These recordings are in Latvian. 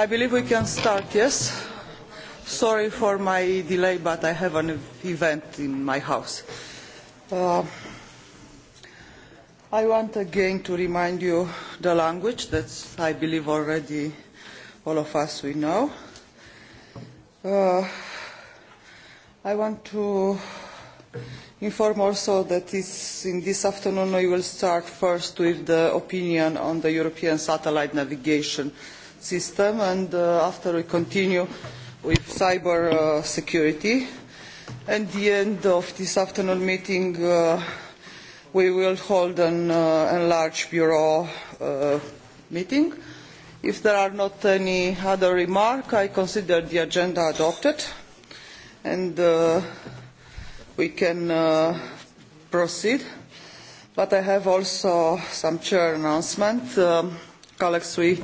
I believe we can start, yes? Sorry for my delay, but I have an event in my house. Uh, I want again to remind you the language that I believe already all of us we know. Uh, I want to inform also that in this afternoon we will start first with the opinion on the European Satellite Navigation System system and uh, after we continue with cyber uh, security. At the end of this afternoon meeting, uh, we will hold an uh, enlarged bureau uh, meeting. If there are not any other remark, I consider the agenda adopted and uh, we can uh, proceed. But I have also some chair announcement. Um, colleagues, we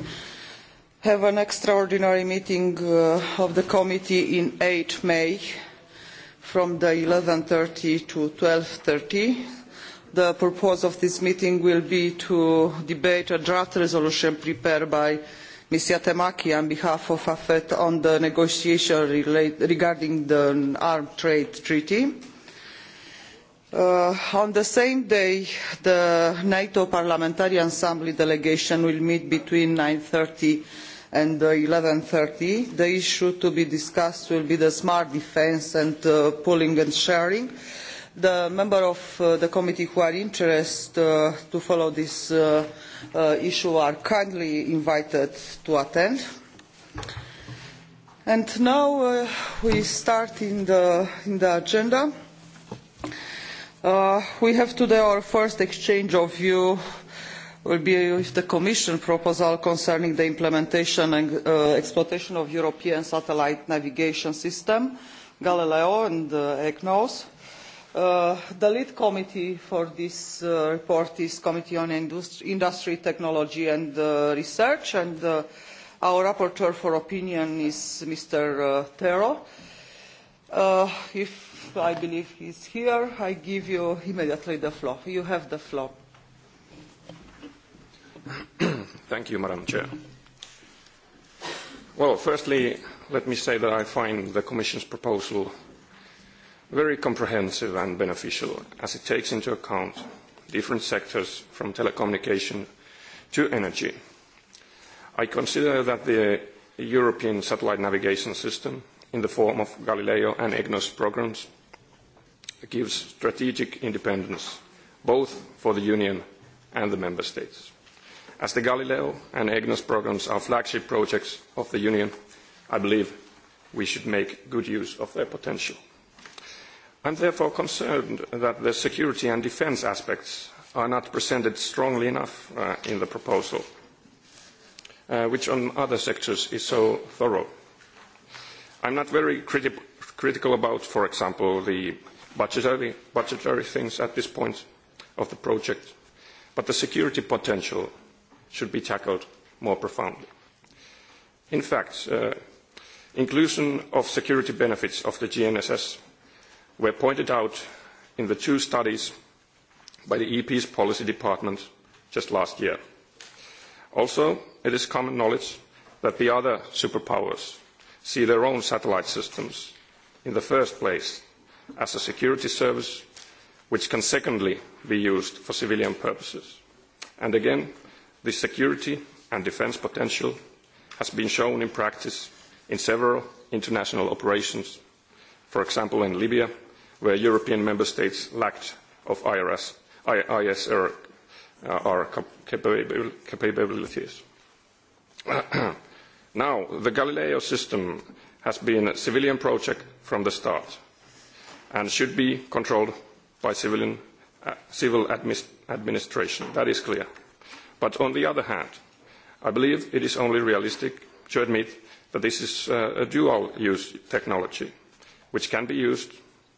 have an extraordinary meeting uh, of the committee in 8 May from the 11.30 to 12.30. The purpose of this meeting will be to debate a draft resolution prepared by Ms. Yatemaki on behalf of AFET on the negotiation relate, regarding the armed trade treaty. Uh, on the same day, the NATO Parliamentary Assembly delegation will meet between 9.30 and eleven thirty the issue to be discussed will be the smart defence and uh, pooling and sharing. the members of uh, the committee who are interested uh, to follow this uh, uh, issue are kindly invited to attend. and now uh, we start in the, in the agenda. we have today our first exchange of views will be with the commission proposal concerning the implementation and uh, exploitation of european satellite navigation system galileo and uh, ecnos. Uh, the lead committee for this uh, report is committee on Indust industry technology and uh, research and uh, our rapporteur for opinion is mr uh, Tero. Uh, if i believe he's here i give you immediately the floor you have the floor Thank you, Madam Chair. Well, firstly, let me say that I find the Commission's proposal very comprehensive and beneficial as it takes into account different sectors from telecommunication to energy. I consider that the European Satellite Navigation System, in the form of Galileo and EGNOS programs, gives strategic independence both for the Union and the Member States as the Galileo and EGNOS programs are flagship projects of the Union, I believe we should make good use of their potential. I'm therefore concerned that the security and defence aspects are not presented strongly enough uh, in the proposal, uh, which on other sectors is so thorough. I'm not very criti- critical about, for example, the budgetary, budgetary things at this point of the project, but the security potential should be tackled more profoundly. In fact, uh, inclusion of security benefits of the GNSS were pointed out in the two studies by the EP's policy department just last year. Also, it is common knowledge that the other superpowers see their own satellite systems in the first place as a security service which can secondly be used for civilian purposes. And again, the security and defence potential has been shown in practice in several international operations, for example in Libya, where European member states lacked of IRS, ISR our uh, capable, capabilities. now, the Galileo system has been a civilian project from the start and should be controlled by civilian, uh, civil administ administration. That is clear. But on the other hand, I believe it is only realistic to admit that this is uh, a dual-use technology, which can be used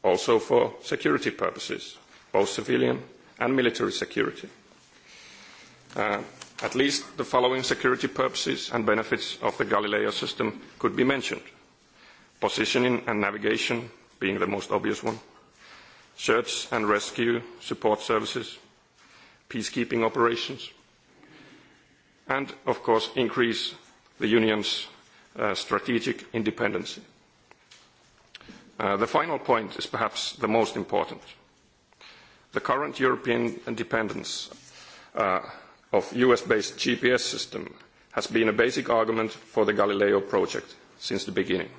also for security purposes, both civilian and military security. Uh, at least the following security purposes and benefits of the Galileo system could be mentioned. Positioning and navigation being the most obvious one. Search and rescue support services. Peacekeeping operations and, of course, increase the Union's uh, strategic independence. Uh, the final point is perhaps the most important. The current European dependence uh, of US-based GPS system has been a basic argument for the Galileo project since the beginning.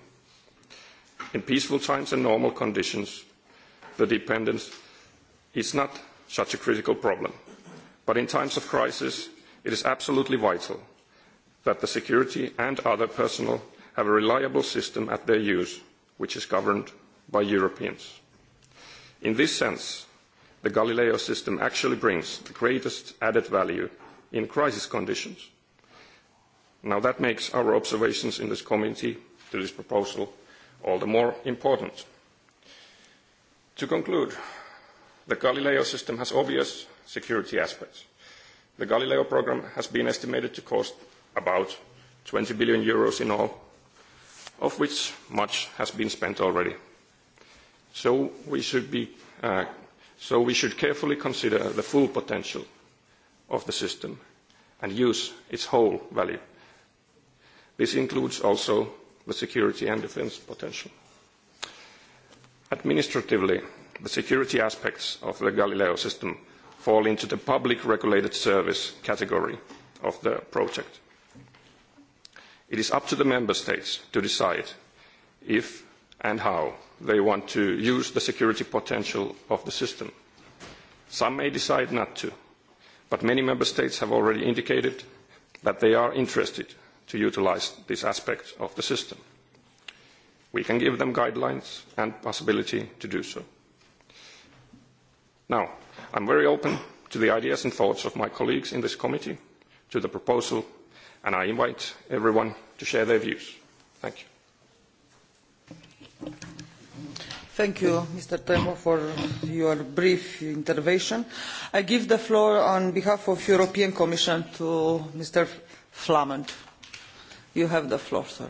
In peaceful times and normal conditions, the dependence is not such a critical problem. But in times of crisis, It is absolutely vital that the security and other personnel have a reliable system at their use, which is governed by Europeans. In this sense, the Galileo system actually brings the greatest added value in crisis conditions. Now that makes our observations in this committee to this proposal all the more important. To conclude, the Galileo system has obvious security aspects. The Galileo program has been estimated to cost about 20 billion euros in all, of which much has been spent already. So we should, be, uh, so we should carefully consider the full potential of the system and use its whole value. This includes also the security and defense potential. Administratively, the security aspects of the Galileo system fall into the public regulated service category of the project. It is up to the member states to decide if and how they want to use the security potential of the system. Some may decide not to, but many member states have already indicated that they are interested to utilize this aspect of the system. We can give them guidelines and possibility to do so. Now, I'm very open to the ideas and thoughts of my colleagues in this committee, to the proposal, and I invite everyone to share their views. Thank you. Thank you, Mr. Temo, for your brief intervention. I give the floor on behalf of European Commission to Mr. Flamand. You have the floor, sir.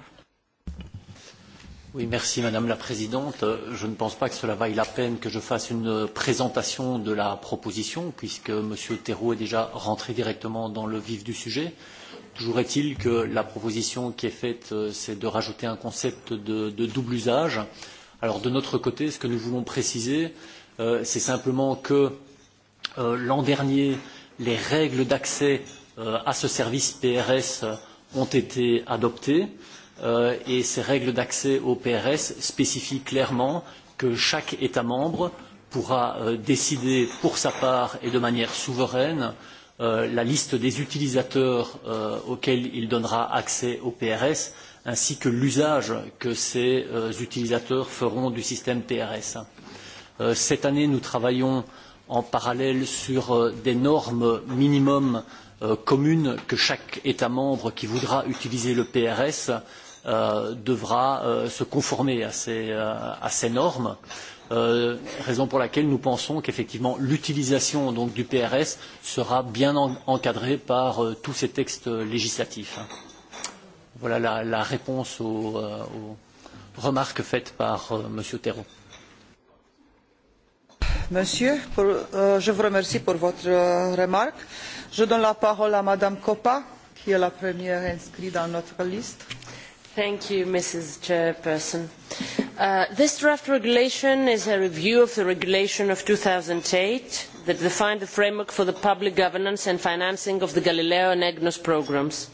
Oui, merci Madame la Présidente. Je ne pense pas que cela vaille la peine que je fasse une présentation de la proposition, puisque Monsieur Thérault est déjà rentré directement dans le vif du sujet. Toujours est-il que la proposition qui est faite, euh, c'est de rajouter un concept de, de double usage. Alors de notre côté, ce que nous voulons préciser, euh, c'est simplement que euh, l'an dernier, les règles d'accès euh, à ce service PRS euh, ont été adoptées. Euh, euh, et ces règles d'accès au PRS spécifient clairement que chaque État membre pourra euh, décider pour sa part et de manière souveraine euh, la liste des utilisateurs euh, auxquels il donnera accès au PRS ainsi que l'usage que ces euh, utilisateurs feront du système PRS. Euh, cette année, nous travaillons en parallèle sur euh, des normes minimum euh, communes que chaque État membre qui voudra utiliser le PRS euh, devra euh, se conformer à ces, euh, à ces normes. Euh, raison pour laquelle nous pensons qu'effectivement l'utilisation donc du PRS sera bien en encadrée par euh, tous ces textes législatifs. Hein. Voilà la, la réponse aux, euh, aux remarques faites par euh, Monsieur Terreau. Monsieur, pour, euh, je vous remercie pour votre euh, remarque. Je donne la parole à Madame Coppa, qui est la première inscrite dans notre liste. Thank you, Mrs. Chairperson. Uh, this draft regulation is a review of the regulation of 2008 that defined the framework for the public governance and financing of the Galileo and EGNOS programs.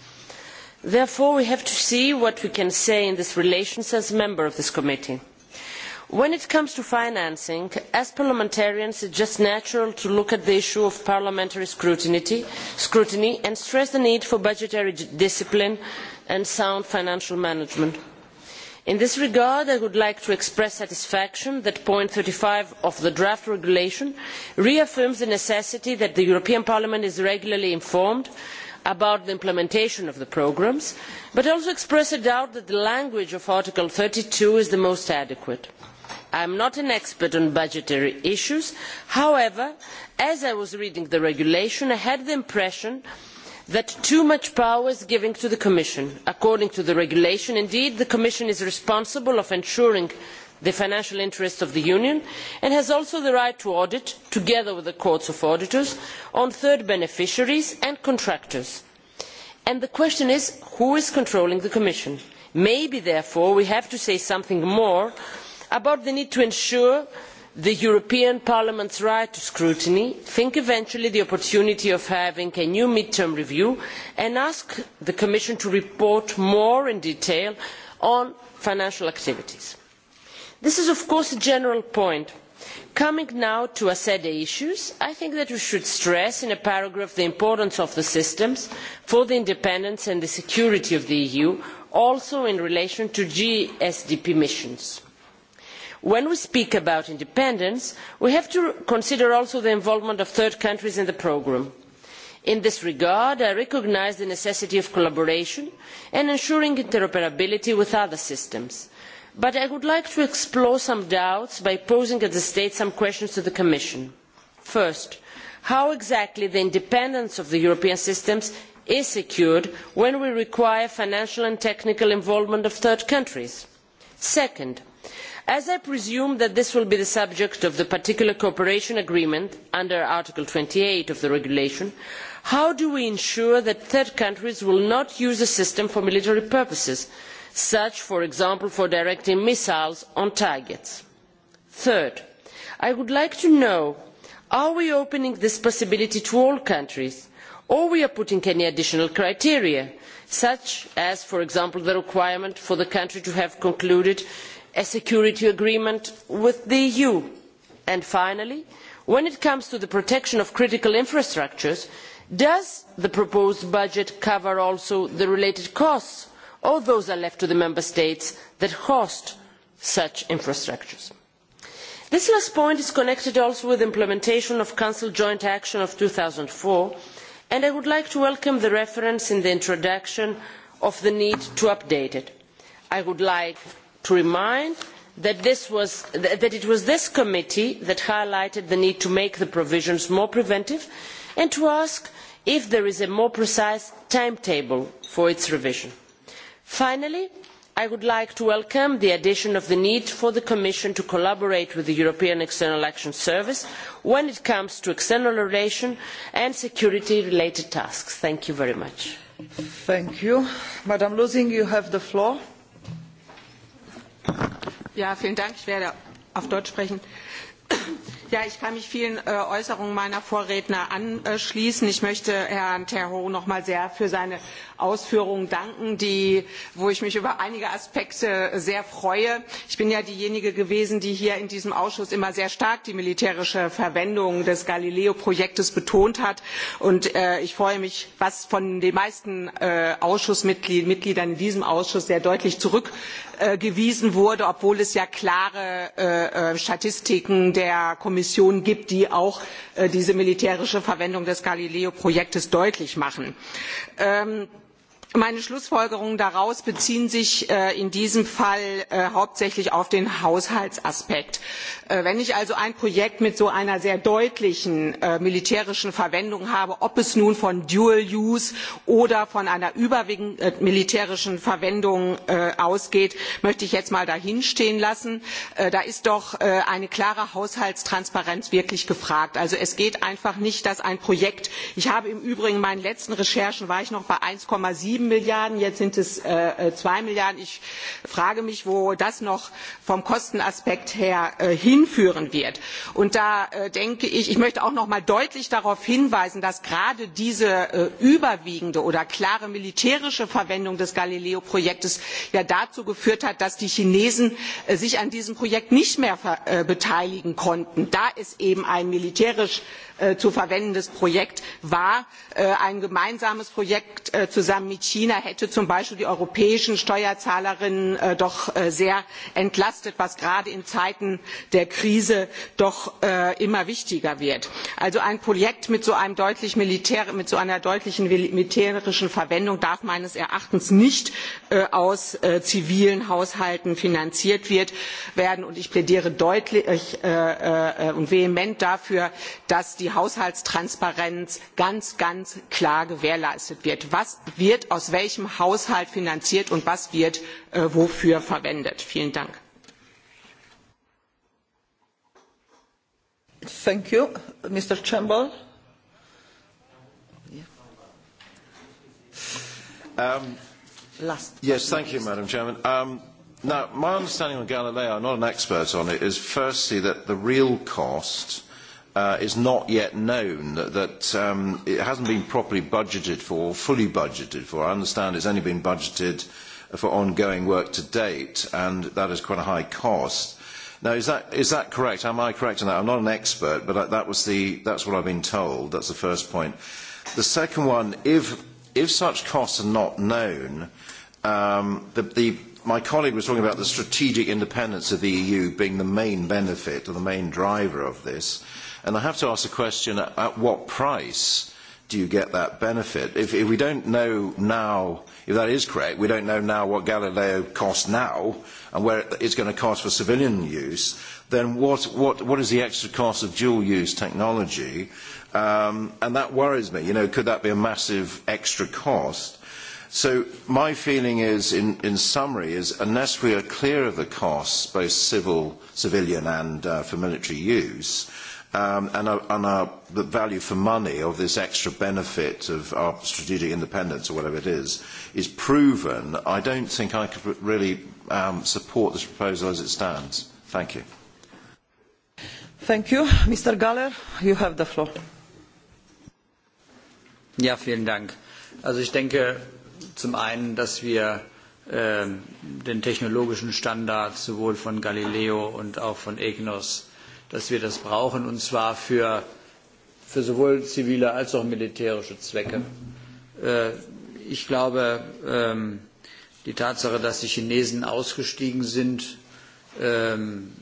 Therefore, we have to see what we can say in this relation as a member of this committee. When it comes to financing, as parliamentarians, it's just natural to look at the issue of parliamentary scrutiny, scrutiny and stress the need for budgetary discipline and sound financial management. in this regard i would like to express satisfaction that point thirty five of the draft regulation reaffirms the necessity that the european parliament is regularly informed about the implementation of the programmes but also expressed a doubt that the language of article thirty two is the most adequate. i am not an expert on budgetary issues. however as i was reading the regulation i had the impression that that too much power is given to the commission. according to the regulation indeed the commission is responsible for ensuring the financial interests of the union and has also the right to audit together with the courts of auditors on third beneficiaries and contractors. And the question is who is controlling the commission? maybe therefore we have to say something more about the need to ensure that the european parliament's right to scrutiny think eventually of the opportunity of having a new mid term review and ask the commission to report more in detail on financial activities. this is of course a general point. coming now to assets e issues i think that we should stress in a paragraph the importance of the systems for the independence and the security of the eu also in relation to gsdp missions when we speak about independence we have to consider also the involvement of third countries in the programme. in this regard i recognise the necessity of collaboration and ensuring interoperability with other systems but i would like to explore some doubts by posing at this stage some questions to the commission. first how exactly the independence of the european systems is secured when we require financial and technical involvement of third countries? second as i presume that this will be the subject of the particular cooperation agreement under article twenty eight of the regulation how do we ensure that third countries will not use the system for military purposes such for example for directing missiles on targets? third i would like to know are we opening this possibility to all countries or are we putting any additional criteria such as for example the requirement for the country to have concluded a security agreement with the eu. and finally when it comes to the protection of critical infrastructures does the proposed budget cover also the related costs or are those left to the member states that host such infrastructures? this last point is connected also with implementation of council joint action of two thousand and four and i would like to welcome the reference in the introduction to the need to update it. i would like to remind that, was, that it was this committee that highlighted the need to make the provisions more preventive and to ask if there is a more precise timetable for its revision. finally i would like to welcome the addition of the need for the commission to collaborate with the european external action service when it comes to external relations and security related tasks. thank you very much. thank you. madam lsing you have the floor. Ja, vielen Dank. Ich werde auf Deutsch sprechen. Ja, ich kann mich vielen äh, Äußerungen meiner Vorredner anschließen. Ich möchte Herrn Terho noch mal sehr für seine Ausführungen danken, die, wo ich mich über einige Aspekte sehr freue. Ich bin ja diejenige gewesen, die hier in diesem Ausschuss immer sehr stark die militärische Verwendung des Galileo-Projektes betont hat. Und äh, ich freue mich, was von den meisten äh, Ausschussmitgliedern in diesem Ausschuss sehr deutlich zurückgewiesen äh, wurde, obwohl es ja klare äh, äh, Statistiken der Kommission gibt, die auch äh, diese militärische Verwendung des Galileo-Projektes deutlich machen. Ähm, meine schlussfolgerungen daraus beziehen sich äh, in diesem fall äh, hauptsächlich auf den haushaltsaspekt. Äh, wenn ich also ein projekt mit so einer sehr deutlichen äh, militärischen verwendung habe ob es nun von dual use oder von einer überwiegend äh, militärischen verwendung äh, ausgeht möchte ich jetzt mal dahinstehen lassen. da ist doch eine klare haushaltstransparenz wirklich gefragt. also es geht einfach nicht dass ein projekt ich habe im übrigen in meinen letzten recherchen war ich noch bei eins sieben sieben Milliarden, jetzt sind es äh, äh, zwei Milliarden. Ich frage mich, wo das noch vom Kostenaspekt her äh, hinführen wird. Und da äh, denke ich, ich möchte auch noch mal deutlich darauf hinweisen, dass gerade diese äh, überwiegende oder klare militärische Verwendung des Galileo-Projektes ja dazu geführt hat, dass die Chinesen äh, sich an diesem Projekt nicht mehr äh, beteiligen konnten, da es eben ein militärisch äh, äh, zu verwendendes Projekt war. Äh, ein gemeinsames Projekt äh, zusammen mit China hätte zum Beispiel die europäischen Steuerzahlerinnen äh, doch äh, sehr entlastet, was gerade in Zeiten der Krise doch äh, immer wichtiger wird. Also ein Projekt mit so, einem deutlich Militär, mit so einer deutlichen militärischen Verwendung darf meines Erachtens nicht äh, aus äh, zivilen Haushalten finanziert wird, werden. Und ich plädiere deutlich äh, äh, äh und vehement dafür, dass die die haushaltstransparenz ganz ganz klar gewährleistet wird was wird aus welchem haushalt finanziert und was wird äh, wofür verwendet. vielen dank. Thank you. Mr. Chamber. Um, Last yes, thank you, Madam Chairman. Um, now, my understanding on Galileo, I'm not an expert on it, is firstly that the real cost uh, is not yet known, that, that um, it hasn't been properly budgeted for, fully budgeted for. I understand it's only been budgeted for ongoing work to date, and that is quite a high cost. Now, is that, is that correct? Am I correct on that? I'm not an expert, but that was the, that's what I've been told. That's the first point. The second one, if, if such costs are not known, um, the, the, my colleague was talking about the strategic independence of the EU being the main benefit or the main driver of this. Uh, And I have to ask the question, at what price do you get that benefit? If, if we don't know now, if that is correct, we don't know now what Galileo costs now and where it's going to cost for civilian use, then what, what, what is the extra cost of dual-use technology? Um, and that worries me. You know, could that be a massive extra cost? So my feeling is, in, in summary, is unless we are clear of the costs, both civil, civilian and uh, for military use, um, and, uh, and uh, the value for money of this extra benefit of our strategic independence or whatever it is, is proven, I don't think I could really um, support this proposal as it stands. Thank you. Thank you. Mr. Galler, you have the floor. Ja, vielen Dank. Also ich denke zum einen, dass wir äh, den technologischen Standard sowohl von Galileo und auch von EGNOS dass wir das brauchen, und zwar für, für sowohl zivile als auch militärische Zwecke. Äh, ich glaube, ähm, die Tatsache, dass die Chinesen ausgestiegen sind, ähm,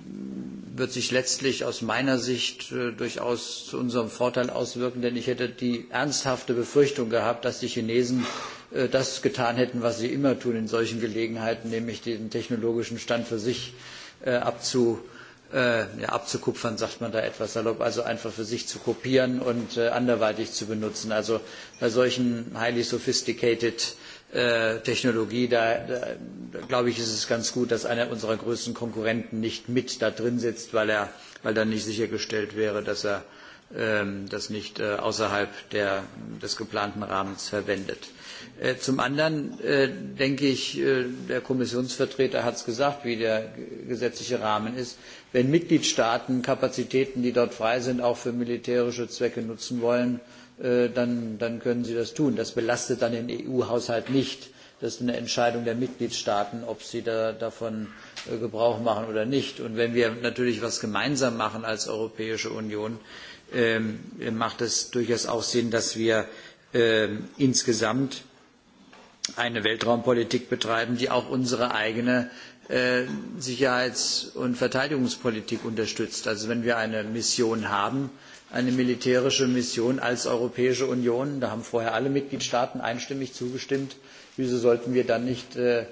wird sich letztlich aus meiner Sicht äh, durchaus zu unserem Vorteil auswirken, denn ich hätte die ernsthafte Befürchtung gehabt, dass die Chinesen äh, das getan hätten, was sie immer tun in solchen Gelegenheiten, nämlich den technologischen Stand für sich äh, abzu, äh, ja, abzukupfern, sagt man da etwas salopp, also einfach für sich zu kopieren und äh, anderweitig zu benutzen. Also bei solchen highly sophisticated äh, Technologie, da, da, da glaube ich, ist es ganz gut, dass einer unserer größten Konkurrenten nicht mit da drin sitzt, weil, er, weil dann nicht sichergestellt wäre, dass er ähm, das nicht äh, außerhalb der, des geplanten Rahmens verwendet. Äh, Äh, zum anderen äh, denke ich, äh, der Kommissionsvertreter hat es gesagt, wie der gesetzliche Rahmen ist. Wenn Mitgliedstaaten Kapazitäten, die dort frei sind, auch für militärische Zwecke nutzen wollen, dann, dann können sie das tun. Das belastet dann den EU-Haushalt nicht. Das ist eine Entscheidung der Mitgliedstaaten, ob sie da, davon Gebrauch machen oder nicht. Und wenn wir natürlich was gemeinsam machen als Europäische Union, ähm, macht es durchaus auch Sinn, dass wir ähm, insgesamt eine Weltraumpolitik betreiben, die auch unsere eigene äh, Sicherheits- und Verteidigungspolitik unterstützt. Also wenn wir eine Mission haben, eine militärische Mission als Europäische Union, da haben vorher alle Mitgliedstaaten einstimmig zugestimmt, wieso sollten wir dann nicht äh,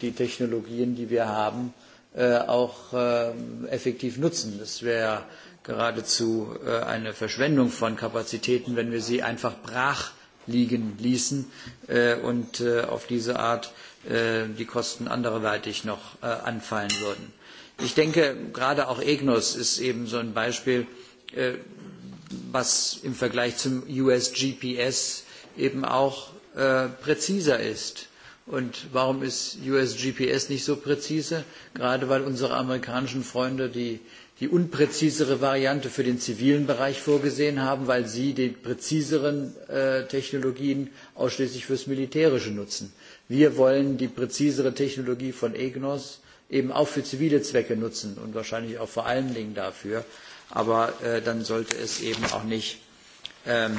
die Technologien, die wir haben, äh, auch äh, effektiv nutzen? Das wäre geradezu äh, eine Verschwendung von Kapazitäten, wenn wir sie einfach brach liegen ließen äh, und äh, auf diese Art äh, die Kosten anderweitig noch äh, anfallen würden. Ich denke, gerade auch EGNOS ist eben so ein Beispiel, äh, was im Vergleich zum USGPS eben auch äh, präziser ist. Und warum ist USGPS nicht so präzise? Gerade weil unsere amerikanischen Freunde die die unpräzisere Variante für den zivilen Bereich vorgesehen haben, weil sie die präziseren äh, Technologien ausschließlich fürs Militärische nutzen. Wir wollen die präzisere Technologie von EGNOS eben auch für zivile Zwecke nutzen und wahrscheinlich auch vor allen Dingen dafür. Aber äh, dann sollte es eben auch nicht ähm,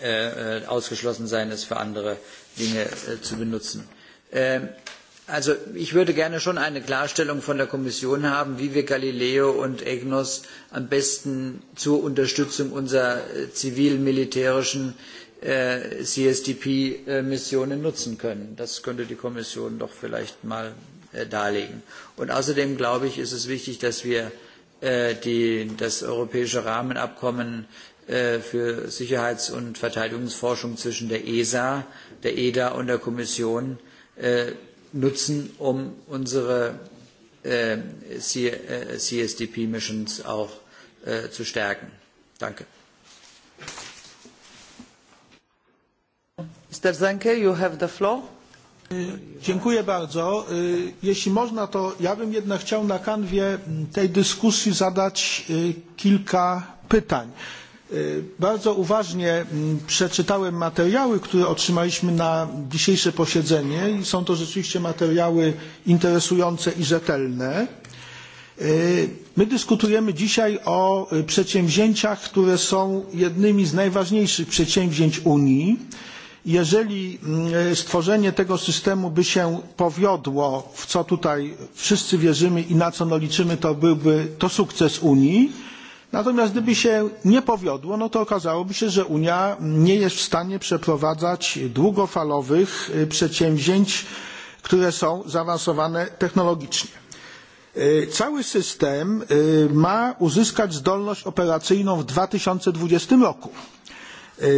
äh, äh ausgeschlossen sein, es für andere Dinge äh, zu benutzen. Ähm, Also ich würde gerne schon eine Klarstellung von der Kommission haben, wie wir Galileo und EGNOS am besten zur Unterstützung unserer äh, zivil-militärischen äh, CSDP-Missionen nutzen können. Das könnte die Kommission doch vielleicht mal äh, darlegen. Und außerdem, glaube ich, ist es wichtig, dass wir äh, die, das europäische Rahmenabkommen äh, für Sicherheits- und Verteidigungsforschung zwischen der ESA, der EDA und der Kommission äh, nutzen, um unsere ähm, äh, CSDP-Missions auch äh, zu stärken. Danke. Mr. Zenke, you have the floor. E, dziękuję bardzo. E, jeśli można, to ja bym jednak chciał na kanwie tej dyskusji zadać e, kilka pytań. E, bardzo uważnie mm, przeczytałem materiały, które otrzymaliśmy na dzisiejsze posiedzenie i są to rzeczywiście materiały interesujące i rzetelne. E, my dyskutujemy dzisiaj o e, przedsięwzięciach, które są jednymi z najważniejszych przedsięwzięć Unii. Jeżeli mm, stworzenie tego systemu by się powiodło, w co tutaj wszyscy wierzymy i na co no liczymy, to byłby to sukces Unii Natomiast gdyby się nie powiodło, no to okazałoby się, że Unia nie jest w stanie przeprowadzać długofalowych przedsięwzięć, które są zaawansowane technologicznie. Cały system ma uzyskać zdolność operacyjną w 2020 roku.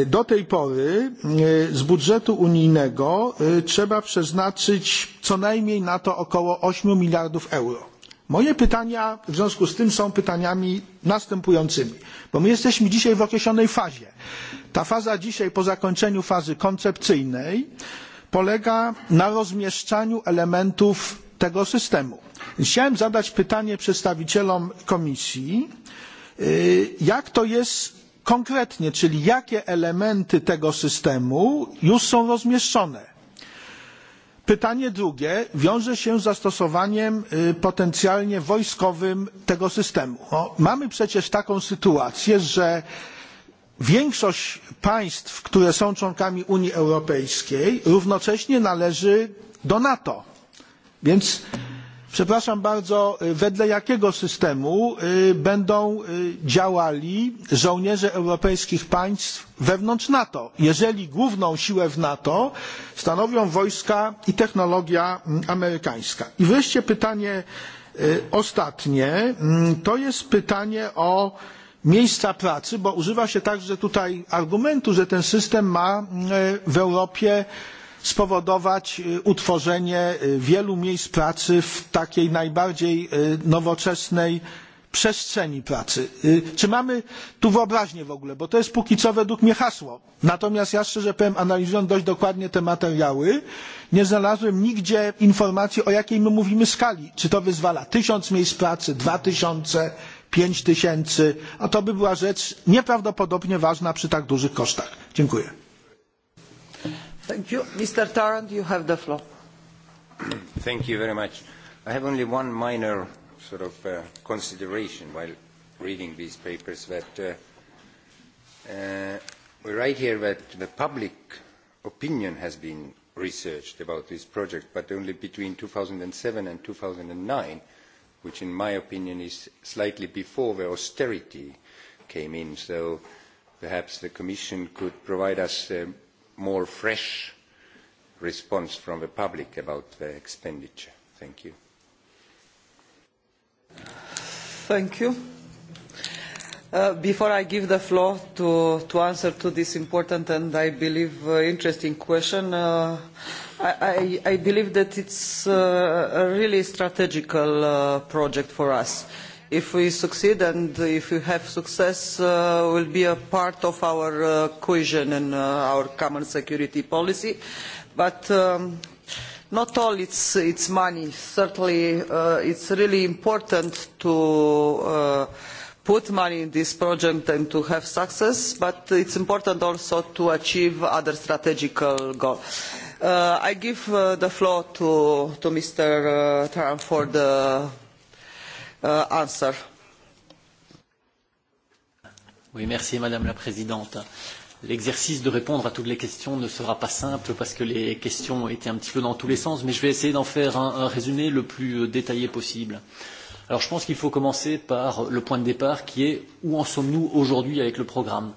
Do tej pory z budżetu unijnego trzeba przeznaczyć co najmniej na to około 8 miliardów euro. Moje pytania w związku z tym są pytaniami następującymi, bo my jesteśmy dzisiaj w określonej fazie. Ta faza dzisiaj po zakończeniu fazy koncepcyjnej polega na rozmieszczaniu elementów tego systemu. Chciałem zadać pytanie przedstawicielom komisji, jak to jest konkretnie, czyli jakie elementy tego systemu już są rozmieszczone Pytanie drugie wiąże się z zastosowaniem potencjalnie wojskowym tego systemu. O, mamy przecież taką sytuację, że większość państw, które są członkami Unii Europejskiej równocześnie należy do NATO. Więc przepraszam bardzo wedle jakiego systemu będą działali żołnierze europejskich państw wewnątrz nato jeżeli główną siłę w nato stanowią wojska i technologia mm, amerykańska? i wreszcie pytanie ostatnie mm, to jest pytanie o miejsca pracy bo używa się także tutaj argumentu że ten system ma mm, w europie spowodować utworzenie wielu miejsc pracy w takiej najbardziej nowoczesnej przestrzeni pracy. Czy mamy tu wyobraźnię w ogóle? Bo to jest póki co według mnie hasło. Natomiast ja szczerze powiem, analizując dość dokładnie te materiały, nie znalazłem nigdzie informacji, o jakiej my mówimy skali. Czy to wyzwala tysiąc miejsc pracy, dwa tysiące, pięć tysięcy? A to by była rzecz nieprawdopodobnie ważna przy tak dużych kosztach. Dziękuję. Thank you. Mr. Tarrant, you have the floor. Thank you very much. I have only one minor sort of uh, consideration while reading these papers that uh, uh, we write here that the public opinion has been researched about this project, but only between 2007 and 2009, which in my opinion is slightly before the austerity came in. So perhaps the Commission could provide us um, more fresh response from the public about the expenditure. Thank you. Thank you. Uh, before I give the floor to, to answer to this important and, I believe, uh, interesting question, uh, I, I, I believe that it's uh, a really strategical uh, project for us. Uh, if we succeed and if we have success uh, will be a part of our uh, cohesion and uh, our common security policy but um, not all it's it's money certainly uh, it's really important to uh, put money in this project and to have success, but it's important also to achieve other strategical goals. Uh, I give uh, the floor to, to Mr. Uh, Trump for the uh, answer. Oui, merci Madame la Présidente. L'exercice de répondre à toutes les questions ne sera pas simple parce que les questions étaient un petit peu dans tous les sens, mais je vais essayer d'en faire un, un résumé le plus euh, détaillé possible. Alors je pense qu'il faut commencer par le point de départ qui est où en sommes-nous aujourd'hui avec le programme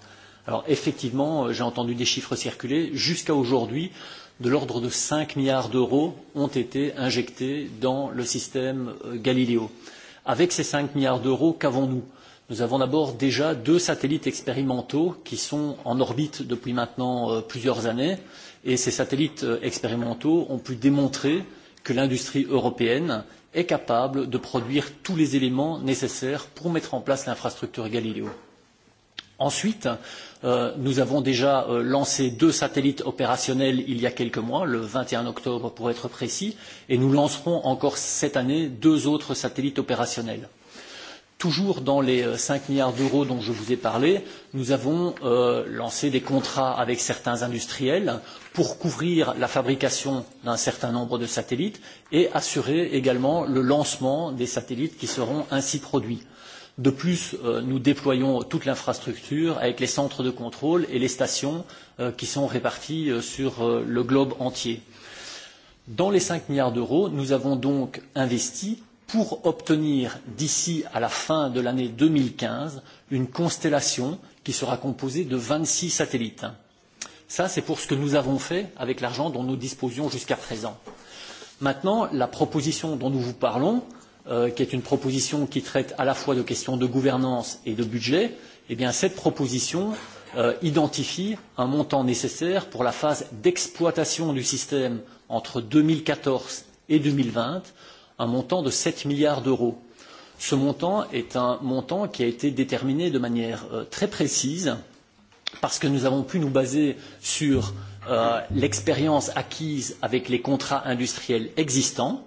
Alors effectivement, euh, j'ai entendu des chiffres circuler. Jusqu'à aujourd'hui, de l'ordre de 5 milliards d'euros ont été injectés dans le système euh, Galileo. Euh, Avec ces 5 milliards d'euros, qu'avons-nous Nous avons d'abord déjà deux satellites expérimentaux qui sont en orbite depuis maintenant euh, plusieurs années et ces satellites euh, expérimentaux ont pu démontrer que l'industrie européenne est capable de produire tous les éléments nécessaires pour mettre en place l'infrastructure Galileo. Ensuite, Euh, nous avons déjà euh, lancé deux satellites opérationnels il y a quelques mois, le 21 octobre pour être précis, et nous lancerons encore cette année deux autres satellites opérationnels. Toujours dans les 5 euh, milliards d'euros dont je vous ai parlé, nous avons euh, lancé des contrats avec certains industriels pour couvrir la fabrication d'un certain nombre de satellites et assurer également le lancement des satellites qui seront ainsi produits. Euh, De plus, euh, nous déployons toute l'infrastructure avec les centres de contrôle et les stations euh, qui sont réparties euh, sur euh, le globe entier. Dans les 5 milliards d'euros, nous avons donc investi pour obtenir d'ici à la fin de l'année 2015 une constellation qui sera composée de 26 satellites. Ça, c'est pour ce que nous avons fait avec l'argent dont nous disposions jusqu'à présent. Maintenant, la proposition dont nous vous parlons, euh, euh, qui est une proposition qui traite à la fois de questions de gouvernance et de budget, eh bien cette proposition euh, identifie un montant nécessaire pour la phase d'exploitation du système entre 2014 et 2020, un montant de 7 milliards d'euros. Ce montant est un montant qui a été déterminé de manière euh, très précise parce que nous avons pu nous baser sur euh, l'expérience acquise avec les contrats industriels existants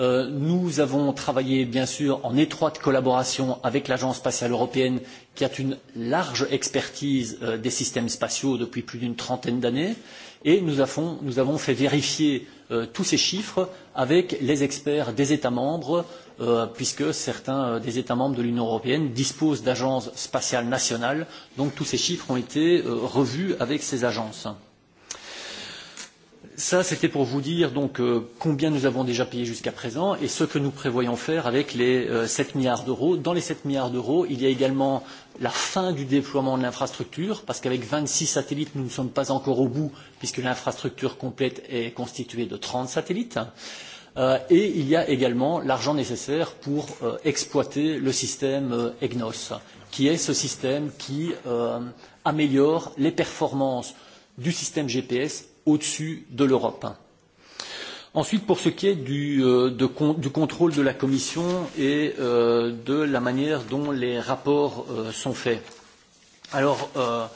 Euh, nous avons travaillé, bien sûr, en étroite collaboration avec l'Agence spatiale européenne, qui a une large expertise euh, des systèmes spatiaux depuis plus d'une trentaine d'années, et nous avons, nous avons fait vérifier euh, tous ces chiffres avec les experts des États membres, euh, puisque certains euh, des États membres de l'Union européenne disposent d'agences spatiales nationales, donc tous ces chiffres ont été euh, revus avec ces agences. Euh, ça, c'était pour vous dire donc euh, combien nous avons déjà payé jusqu'à présent et ce que nous prévoyons faire avec les euh, 7 milliards d'euros. Dans les 7 milliards d'euros, il y a également la fin du déploiement de l'infrastructure, parce qu'avec 26 satellites, nous ne sommes pas encore au bout, puisque l'infrastructure complète est constituée de 30 satellites. Euh, et il y a également l'argent nécessaire pour euh, exploiter le système euh, EGNOS, qui est ce système qui euh, améliore les performances du système GPS au-dessus de l'Europe. Ensuite, pour ce qui est du, euh, de, du contrôle de la Commission et euh, de la manière dont les rapports euh, sont faits. Alors, euh,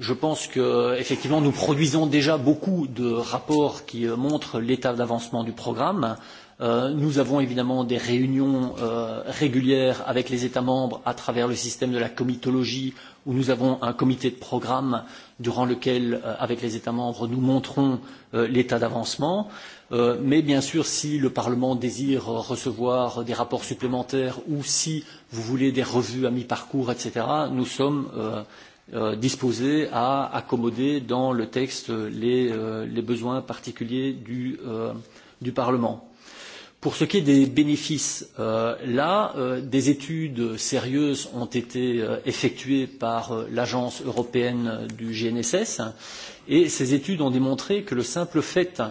je pense que effectivement, nous produisons déjà beaucoup de rapports qui euh, montrent l'état d'avancement du programme. Euh, Euh, nous avons évidemment des réunions euh, régulières avec les États membres à travers le système de la comitologie, où nous avons un comité de programme durant lequel, euh, avec les États membres, nous montrons euh, l'état d'avancement. Euh, mais bien sûr, si le Parlement désire euh, recevoir des rapports supplémentaires ou si vous voulez des revues à mi-parcours, etc., nous sommes euh, euh, disposés à accommoder dans le texte euh, les, euh, les besoins particuliers du, euh, du Parlement. Pour ce qui est des bénéfices, euh, là, euh, des études sérieuses ont été euh, effectuées par euh, l'Agence européenne du GNSS et ces études ont démontré que le simple fait euh,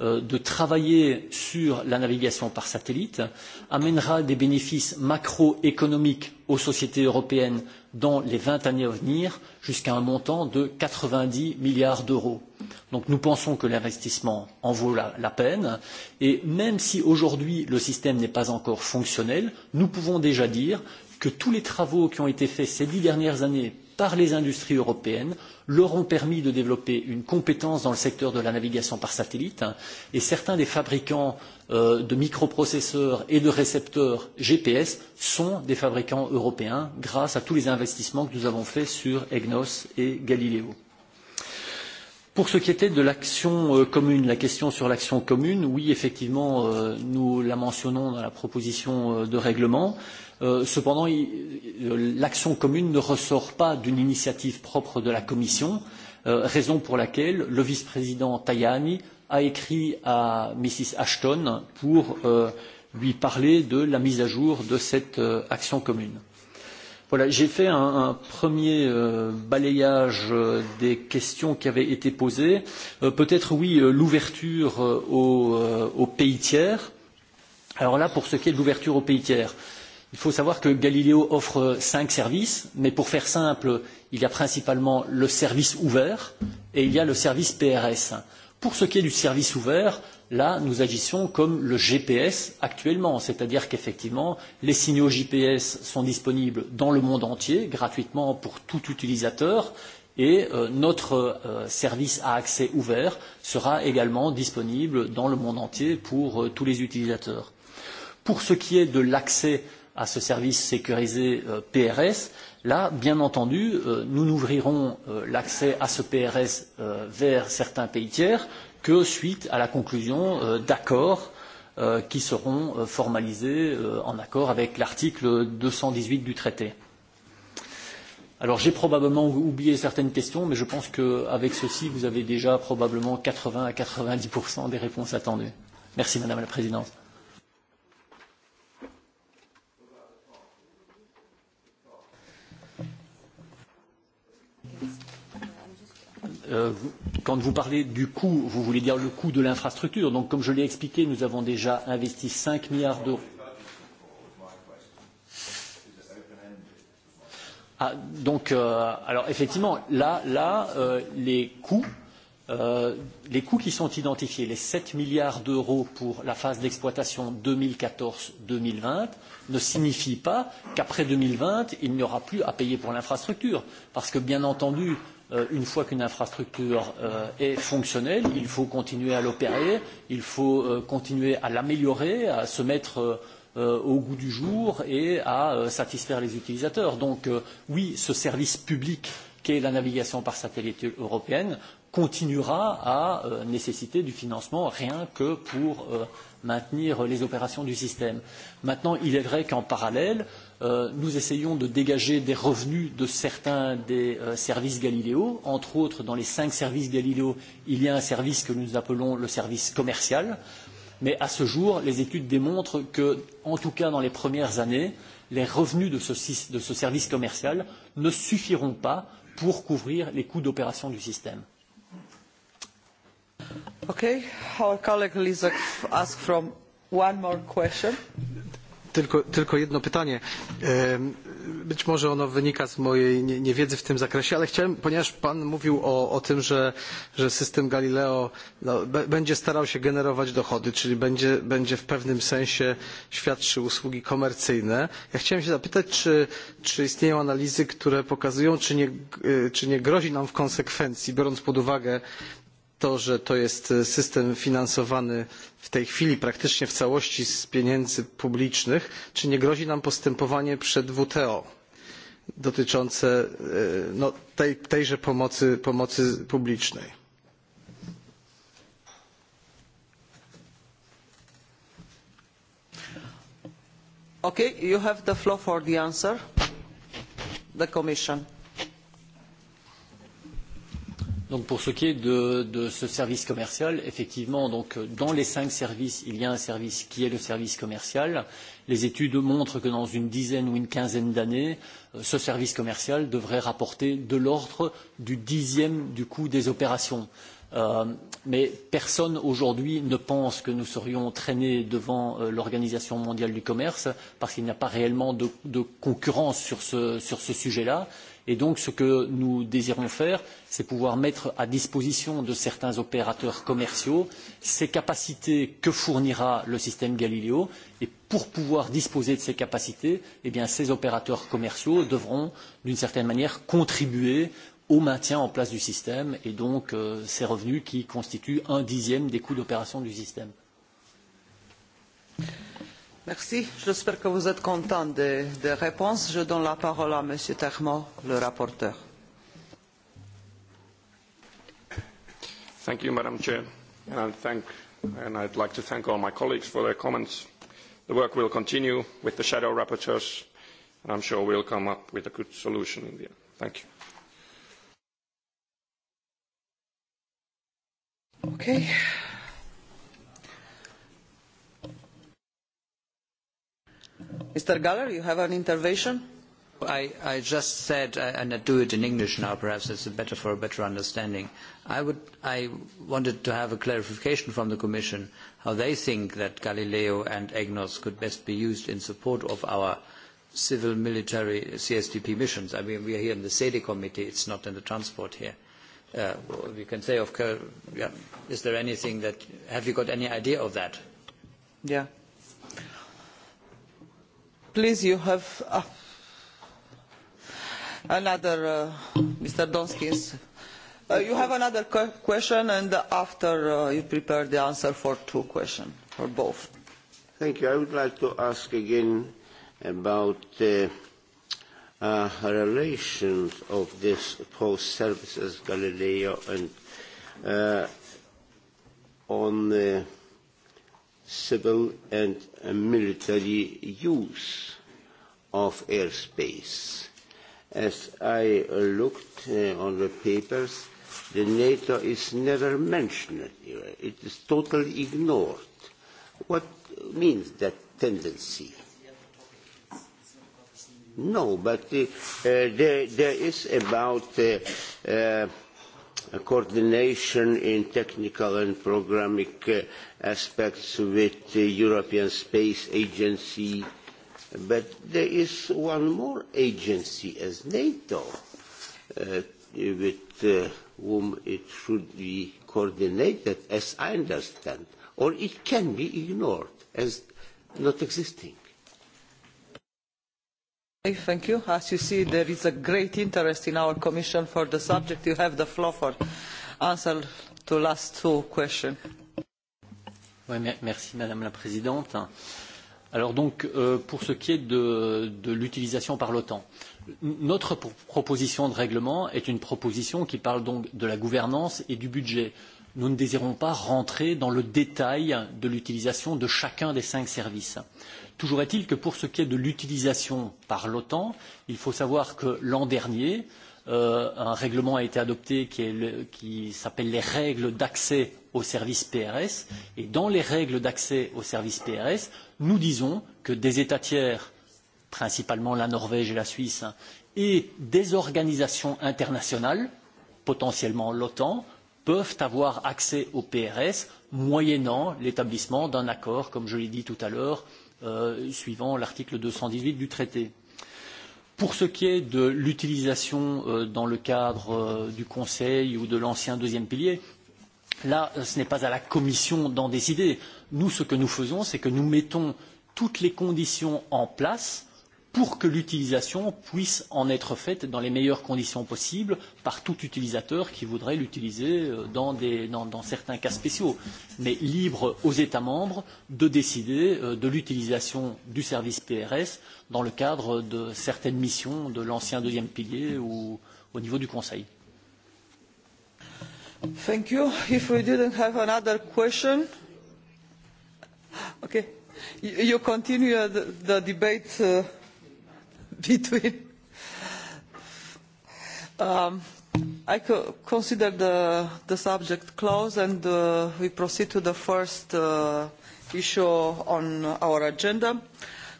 Euh, de travailler sur la navigation par satellite amènera des bénéfices macroéconomiques aux sociétés européennes dans les 20 années à venir jusqu'à un montant de 90 milliards d'euros. Donc nous pensons que l'investissement en vaut la, la peine et même si aujourd'hui le système n'est pas encore fonctionnel, nous pouvons déjà dire que tous les travaux qui ont été faits ces dix dernières années par les industries européennes leur ont permis de développer une compétence dans le secteur de la navigation par satellite et certains des fabricants euh, de microprocesseurs et de récepteurs GPS sont des fabricants européens grâce à tous les investissements que nous avons faits sur EGNOS et Galileo. Pour ce qui était de l'action euh, commune, la question sur l'action commune, oui, effectivement, euh, nous la mentionnons dans la proposition euh, de règlement. Cependant, l'action commune ne ressort pas d'une initiative propre de la Commission, raison pour laquelle le vice-président Tajani a écrit à Mrs Ashton pour lui parler de la mise à jour de cette action commune. Voilà, j'ai fait un, un premier euh, balayage euh, des questions qui avaient été posées. Euh, Peut-être, oui, euh, l'ouverture euh, aux, euh, aux pays tiers. Alors là, pour ce qui est de l'ouverture aux pays tiers, il faut savoir que Galileo offre euh, cinq services, mais pour faire simple, il y a principalement le service ouvert et il y a le service PRS. Pour ce qui est du service ouvert, là, nous agissons comme le GPS actuellement, c'est-à-dire qu'effectivement, les signaux GPS sont disponibles dans le monde entier, gratuitement pour tout utilisateur, et euh, notre euh, service à accès ouvert sera également disponible dans le monde entier pour euh, tous les utilisateurs. Pour ce qui est de l'accès à ce service sécurisé euh, PRS, là, bien entendu, euh, nous n'ouvrirons euh, l'accès à ce PRS euh, vers certains pays tiers que suite à la conclusion euh, d'accords euh, qui seront euh, formalisés euh, en accord avec l'article 218 du traité. Alors j'ai probablement oublié certaines questions, mais je pense qu'avec ceci, vous avez déjà probablement 80 à 90 des réponses attendues. Merci Madame la Présidente. euh, quand vous parlez du coût, vous voulez dire le coût de l'infrastructure. Donc, comme je l'ai expliqué, nous avons déjà investi 5 milliards d'euros. Ah, donc, euh, alors effectivement, là, là euh, les coûts Euh, les coûts qui sont identifiés, les 7 milliards d'euros pour la phase d'exploitation 2014-2020, ne signifient pas qu'après 2020, il n'y aura plus à payer pour l'infrastructure. Parce que, bien entendu, euh, une fois qu'une infrastructure euh, est fonctionnelle, il faut continuer à l'opérer, il faut euh, continuer à l'améliorer, à se mettre euh, euh, au goût du jour et à euh, satisfaire les utilisateurs. Donc euh, oui, ce service public qu'est la navigation par satellite européenne continuera à euh, nécessiter du financement rien que pour euh, maintenir les opérations du système. Maintenant, il est vrai qu'en parallèle, euh, euh, nous essayons de dégager des revenus de certains des euh, services Galiléo. Entre autres, dans les cinq services Galiléo, il y a un service que nous appelons le service commercial. Mais à ce jour, les études démontrent que, en tout cas dans les premières années, les revenus de ce, de ce service commercial ne suffiront pas pour couvrir les coûts d'opération du système. Okay, our colleague Lisa asked from one more question. Tylko, tylko jedno pytanie. Być może ono wynika z mojej niewiedzy w tym zakresie, ale chciałem, ponieważ Pan mówił o, o tym, że, że system Galileo no, be, będzie starał się generować dochody, czyli będzie, będzie w pewnym sensie świadczył usługi komercyjne. Ja chciałem się zapytać, czy, czy istnieją analizy, które pokazują, czy nie, e, czy nie grozi nam w konsekwencji, biorąc pod uwagę to, że to jest e, system finansowany w tej chwili praktycznie w całości z pieniędzy publicznych, czy nie grozi nam postępowanie przed WTO dotyczące e, no, tej, tejże pomocy, pomocy publicznej? Okay, you have the floor for the answer. The Commission. Donc pour ce qui est de, de ce service commercial, effectivement, donc dans les cinq services, il y a un service qui est le service commercial. Les études montrent que dans une dizaine ou une quinzaine d'années, euh, ce service commercial devrait rapporter de l'ordre du dixième du coût des opérations. Euh, mais personne aujourd'hui ne pense que nous serions traînés devant euh, l'Organisation mondiale du commerce parce qu'il n'y a pas réellement de, de concurrence sur ce, sur ce sujet-là Et donc, ce que nous désirons faire, c'est pouvoir mettre à disposition de certains opérateurs commerciaux ces capacités que fournira le système Galileo. Et pour pouvoir disposer de ces capacités, eh bien, ces opérateurs commerciaux devront, d'une certaine manière, contribuer au maintien en place du système et donc euh, ces revenus qui constituent un dixième des coûts d'opération du système. Merci. J'espère que vous êtes content des, des réponses. Je donne la parole à M. Termon, le rapporteur. Thank you, Madam Chair. And, I'll thank, and I'd like to thank all my colleagues for their comments. The work will continue with the shadow rapporteurs, and I'm sure we'll come up with a good solution in the end. Thank you. Okay. Mr. Galler, you have an intervention? I, I just said, uh, and I do it in English now, perhaps it's better for a better understanding. I, would, I wanted to have a clarification from the Commission how they think that Galileo and EGNOS could best be used in support of our civil military CSDP missions. I mean, we are here in the SEDE committee, it's not in the transport here. Uh, we can say, of course, yeah, is there anything that, have you got any idea of that? Yeah. Please, you have uh, another, uh, Mr. Donskis. Uh, you have another question, and after uh, you prepare the answer for two questions, for both. Thank you. I would like to ask again about the uh, uh, relations of this post services Galileo and uh, on the uh, civil and uh, military use of airspace. As I looked uh, on the papers, the NATO is never mentioned here. It is totally ignored. What means that tendency? No, but uh, uh, there, there is about uh, uh, coordination in technical and programming uh, aspects with the European Space Agency. But there is one more agency as NATO uh, with uh, whom it should be coordinated, as I understand, or it can be ignored as not existing. Thank you. As you see, there is a great interest in our Commission for the subject. You have the floor for answer to last two questions. Ouais, merci Madame la Présidente. Alors donc, euh, pour ce qui est de, de l'utilisation par l'OTAN, notre proposition de règlement est une proposition qui parle donc de la gouvernance et du budget. Euh, Nous ne désirons pas rentrer dans le détail de l'utilisation de chacun des cinq services. Toujours est-il que pour ce qui est de l'utilisation par l'OTAN, il faut savoir que l'an dernier, euh, un règlement a été adopté qui, est le, qui s'appelle les règles d'accès au service PRS. Et dans les règles d'accès au service PRS, nous disons que des États tiers, principalement la Norvège et la Suisse, et des organisations internationales, potentiellement l'OTAN, peuvent avoir accès au PRS moyennant l'établissement d'un accord, comme je l'ai dit tout à l'heure, euh, suivant l'article 218 du traité. Pour ce qui est de l'utilisation euh, dans le cadre euh, du Conseil ou de l'ancien deuxième pilier, là, euh, ce n'est pas à la Commission d'en décider. Nous, ce que nous faisons, c'est que nous mettons toutes les conditions en place pour que l'utilisation puisse en être faite dans les meilleures conditions possibles par tout utilisateur qui voudrait l'utiliser euh, dans, des, dans, dans certains cas spéciaux, mais libre aux États membres de décider euh, de l'utilisation du service PRS dans le cadre de certaines missions de l'ancien deuxième pilier ou au niveau du Conseil. Thank you. If we didn't have another question, okay, you continue the, the debate. Uh between. Um, I co consider the, the subject closed and uh, we proceed to the first uh, issue on our agenda.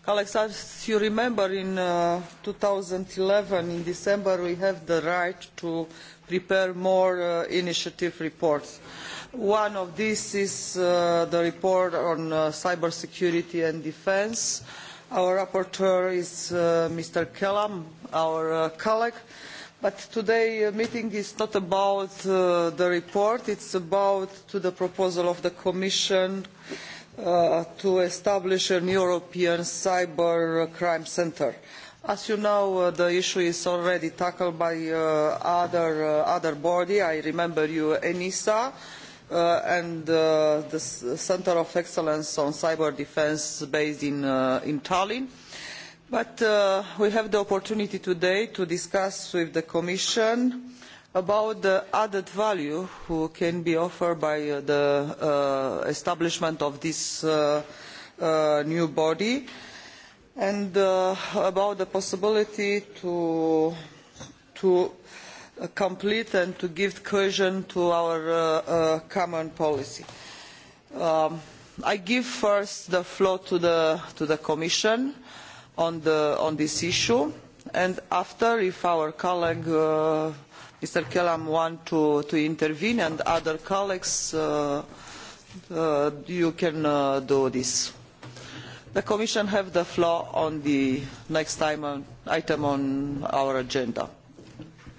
Alex, as you remember, in uh, 2011, in December, we have the right to prepare more uh, initiative reports. One of these is uh, the report on uh, cybersecurity and defense. Uh, Our rapporteur is uh, Mr. Kellam, our uh, colleague. But today uh, meeting is not about uh, the report, it's about to the proposal of the Commission uh, to establish an European Cyber uh, Crime Center. As you know, uh, the issue is already tackled by uh, other, uh, other body. I remember you, ENISA. Uh, uh, and uh, the Center of Excellence on Cyber Defense based in, uh, in Tallinn. But uh, we have the opportunity today to discuss with the Commission about the added value who can be offered by uh, the uh, establishment of this uh, uh, new body and uh, about the possibility to, to uh, Uh, complete and to give cohesion to our uh, uh, common policy. Um, I give first the floor to the, to the Commission on, the, on this issue, and after, if our colleague uh, Mr. Kellam wants to, to intervene and other colleagues, uh, uh, you can uh, do this. The Commission have the floor on the next time on, item on our agenda.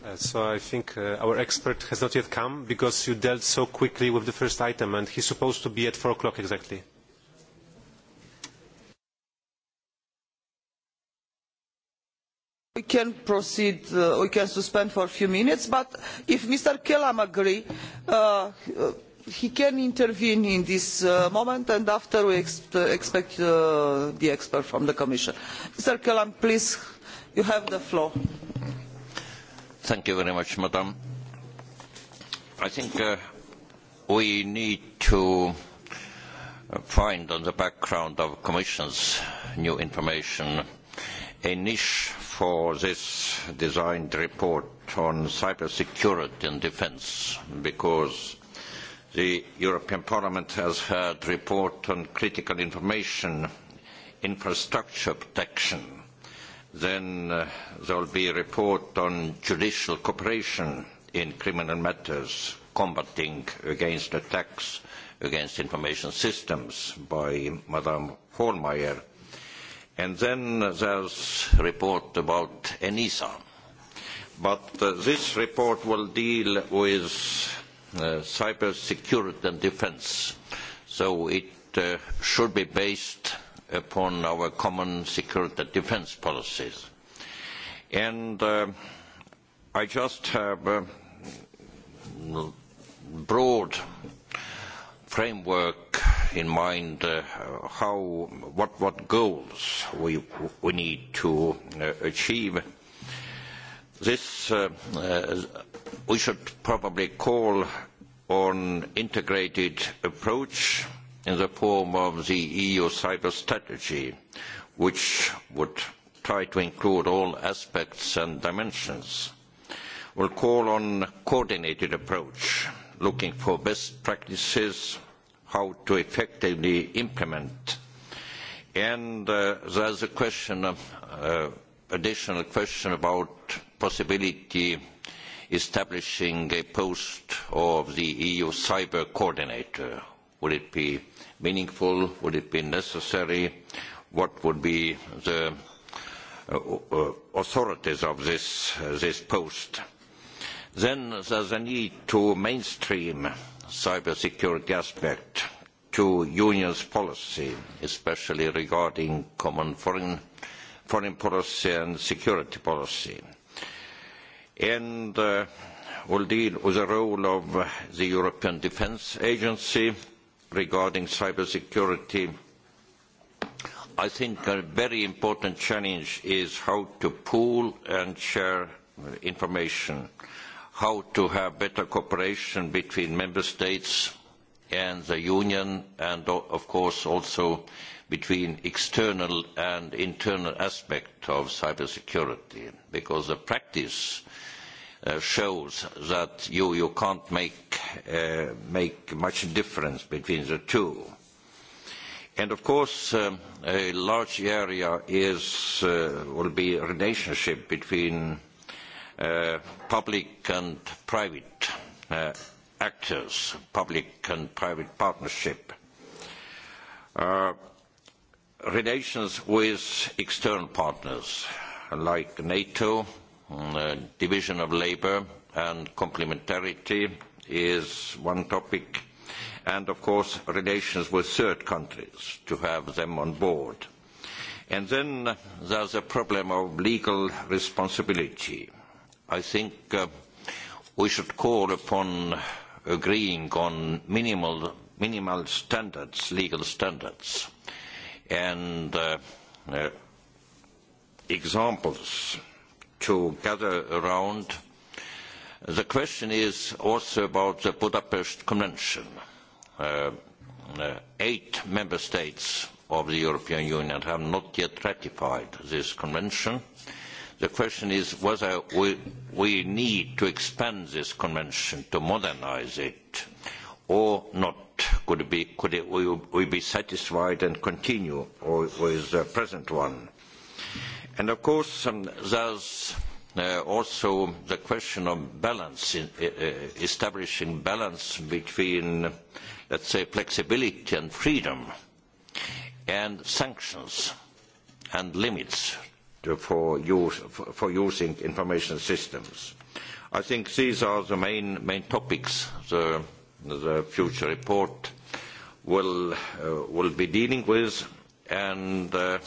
Uh, so I think uh, our expert has not yet come because you dealt so quickly with the first item and he's supposed to be at 4 o'clock exactly. We can proceed, uh, we can suspend for a few minutes, but if Mr. Kellam agree, uh, uh, he can intervene in this uh, moment and after we ex expect uh, the expert from the Commission. Mr. Kellam, please, you have the floor. Thank you very much, Madam. I think uh, we need to uh, find on the background of Commission's new information a niche for this designed report on cybersecurity and defense because the European Parliament has had report on critical information infrastructure protection Then uh, there will be a report on judicial cooperation in criminal matters, combating against attacks against information systems by Madame Hohlmeier. And then there's a report about ENISA. But uh, this report will deal with uh, cyber security and defense. So it uh, should be based upon our common security defense policies. And uh, I just have a broad framework in mind uh, how what what goals we we need to uh, achieve this uh, uh, we should probably call on integrated approach uh, in the form of the EU cyber strategy, which would try to include all aspects and dimensions, will call on coordinated approach, looking for best practices, how to effectively implement. And uh, there's a question, uh, additional question about possibility establishing a post of the EU cyber coordinator Would it be meaningful? Would it be necessary? What would be the uh, uh, authorities of this, uh, this post? Then there's a need to mainstream cybersecurity aspect to Union's policy, especially regarding common foreign, foreign policy and security policy. And uh, will deal with the role of the European Defence Agency, regarding cybersecurity. I think a very important challenge is how to pool and share information, how to have better cooperation between member states and the union, and of course also between external and internal aspect of cybersecurity, because the practice uh, shows that you, you can't make, uh, make much difference between the two. And of course, um, a large area is, uh, will be a relationship between uh, public and private uh, actors, public and private partnership. Uh, relations with external partners like NATO, Uh, division of labor and complementarity is one topic, and of course relations with third countries, to have them on board. And then there's a problem of legal responsibility. I think uh, we should call upon agreeing on minimal, minimal standards, legal standards, and uh, uh, examples to gather around. The question is also about the Budapest Convention. Uh, uh, eight member states of the European Union have not yet ratified this convention. The question is whether we, we need to expand this convention to modernize it or not. Could, it be, could it, we, we be satisfied and continue with the present one? And of course, um, there's uh, also the question of balance, in, uh, uh, establishing balance between, let's say, flexibility and freedom, and sanctions and limits to, for, use, for, for using information systems. I think these are the main, main topics the, the future report will, uh, will be dealing with, and uh,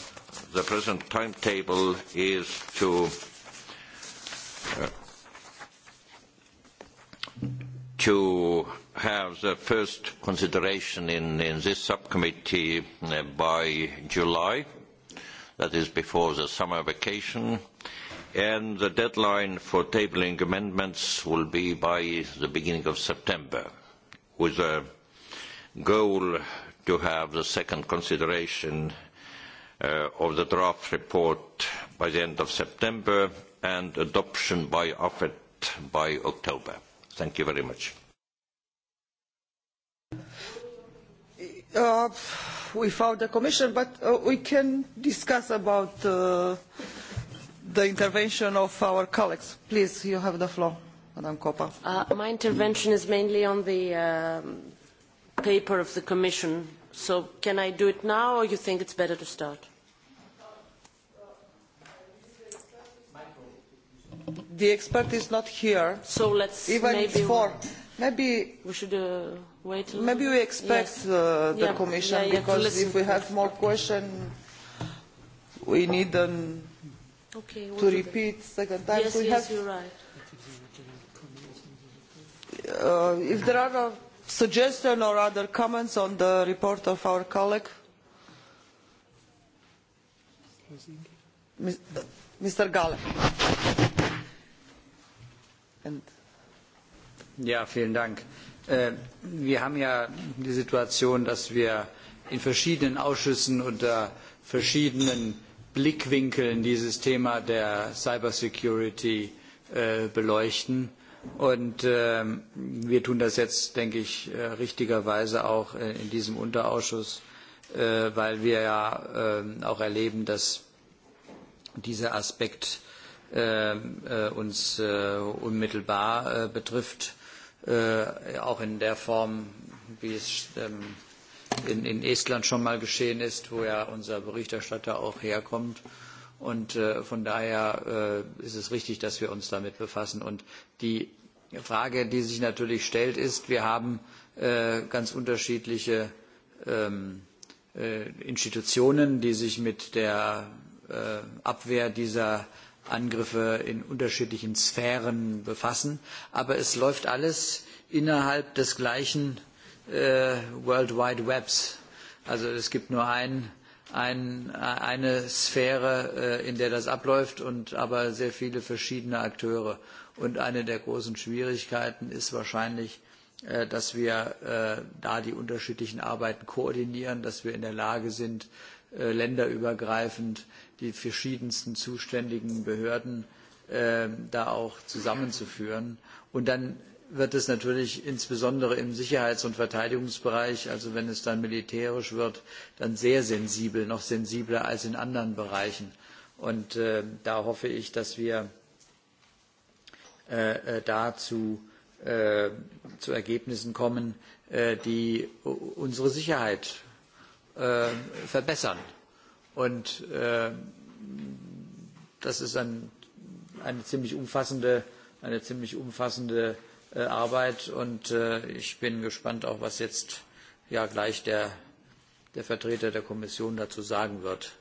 the present timetable is to uh, to have the first consideration in, in this subcommittee uh, by July, that is before the summer vacation, and the deadline for tabling amendments will be by the beginning of September, with a goal to have the second consideration uh, of the draft report by the end of September and adoption by AFET by October. Thank you very much. Uh, without the Commission, but uh, we can discuss about uh, the intervention of our colleagues. Please, you have the floor, Madam Coppa. Uh, my intervention is mainly on the um, paper of the Commission So can I do it now or you think it's better to start? The expert is not here. So let's even maybe for maybe we should uh, wait. A little. Maybe we expect yes. uh, the yeah, commission yeah, yeah, because if we have more questions, we need them okay, we'll to repeat that. second time. Yes, so we yes, have, you're right. Uh, if there are. Uh, suggestion or other comments on the report of our colleague? Mr. Galler. Ja, vielen Dank. Äh, wir haben ja die Situation, dass wir in verschiedenen Ausschüssen unter verschiedenen Blickwinkeln dieses Thema der Cybersecurity äh, beleuchten Und ähm, wir tun das jetzt, denke ich, äh, richtigerweise auch äh, in diesem Unterausschuss, äh, weil wir ja äh, auch erleben, dass dieser Aspekt äh, äh, uns äh, unmittelbar äh, betrifft, äh, auch in der Form, wie es ähm, in, in Estland schon mal geschehen ist, wo ja unser Berichterstatter auch herkommt. Und äh, von daher äh, ist es richtig, dass wir uns damit befassen. Und die Frage, die sich natürlich stellt, ist, wir haben äh, ganz unterschiedliche ähm, äh, Institutionen, die sich mit der äh, Abwehr dieser Angriffe in unterschiedlichen Sphären befassen. Aber es läuft alles innerhalb des gleichen äh, World Wide Webs. Also es gibt nur ein, ein, eine Sphäre, äh, in der das abläuft, und aber sehr viele verschiedene Akteure. Und eine der großen Schwierigkeiten ist wahrscheinlich, äh, dass wir äh, da die unterschiedlichen Arbeiten koordinieren, dass wir in der Lage sind, äh, länderübergreifend die verschiedensten zuständigen Behörden da auch zusammenzuführen. Und dann wird es natürlich insbesondere im Sicherheits- und Verteidigungsbereich, also wenn es dann militärisch wird, dann sehr sensibel, noch sensibler als in anderen Bereichen. Und äh, da hoffe ich, dass wir äh, äh dazu äh, zu Ergebnissen kommen, äh, die unsere Sicherheit äh, verbessern. Und äh, das ist ein, eine ziemlich umfassende, eine ziemlich umfassende äh, Arbeit. Und äh, ich bin gespannt, auch was jetzt ja gleich der, der Vertreter der Kommission dazu sagen wird.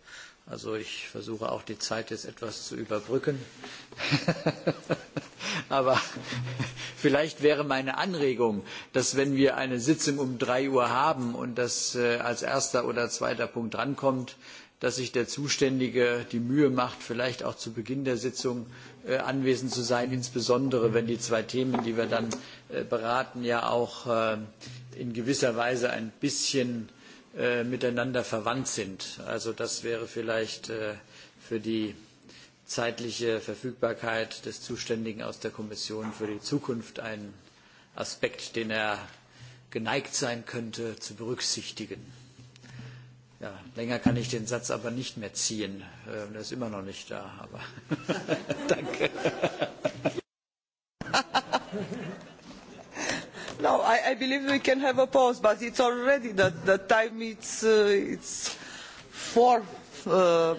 Also ich versuche auch die Zeit jetzt etwas zu überbrücken. Aber vielleicht wäre meine Anregung, dass wenn wir eine Sitzung um drei Uhr haben und das äh, als erster oder zweiter Punkt drankommt, dass sich der Zuständige die Mühe macht, vielleicht auch zu Beginn der Sitzung äh, anwesend zu sein, insbesondere wenn die zwei Themen, die wir dann äh, beraten, ja auch äh, in gewisser Weise ein bisschen äh, miteinander verwandt sind. Also das wäre vielleicht äh, für die zeitliche Verfügbarkeit des Zuständigen aus der Kommission für die Zukunft ein Aspekt, den er geneigt sein könnte, zu berücksichtigen. Ja, länger kann ich den Satz aber nicht mehr ziehen. Äh, der ist immer noch nicht da, aber danke. no, I, I believe we can have a pause, but it's already the, the time it's, uh, it's four uh,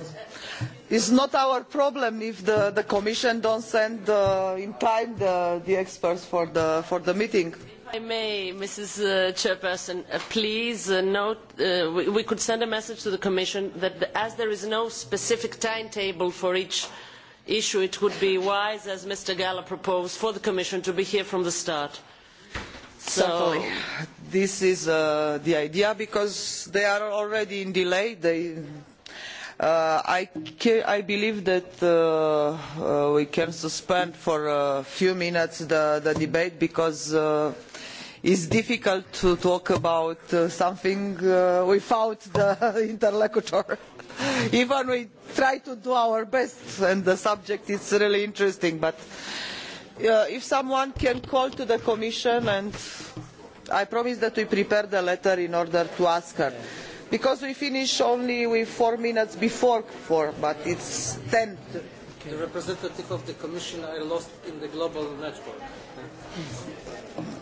it is not our problem if the, the commission does not send uh, in time the, the experts for the, for the meeting. if i may mrs uh, chairperson uh, please uh, note uh, we, we could send a message to the commission that the, as there is no specific timetable for each issue it would be wise as mr gahler proposed for the commission to be here from the start. So... Certainly. this is uh, the idea because they are already in delay. They Uh, I, i believe that uh, uh, we can suspend for a few minutes the, the debate because uh, it is difficult to talk about uh, something uh, without the interlocutor even we try to do our best and the subject is really interesting but if someone can call to the commission and i promise that we will prepare the letter in order to ask her because we finish only with four minutes before four, but it's ten. To, the representative of the Commission I lost in the global network.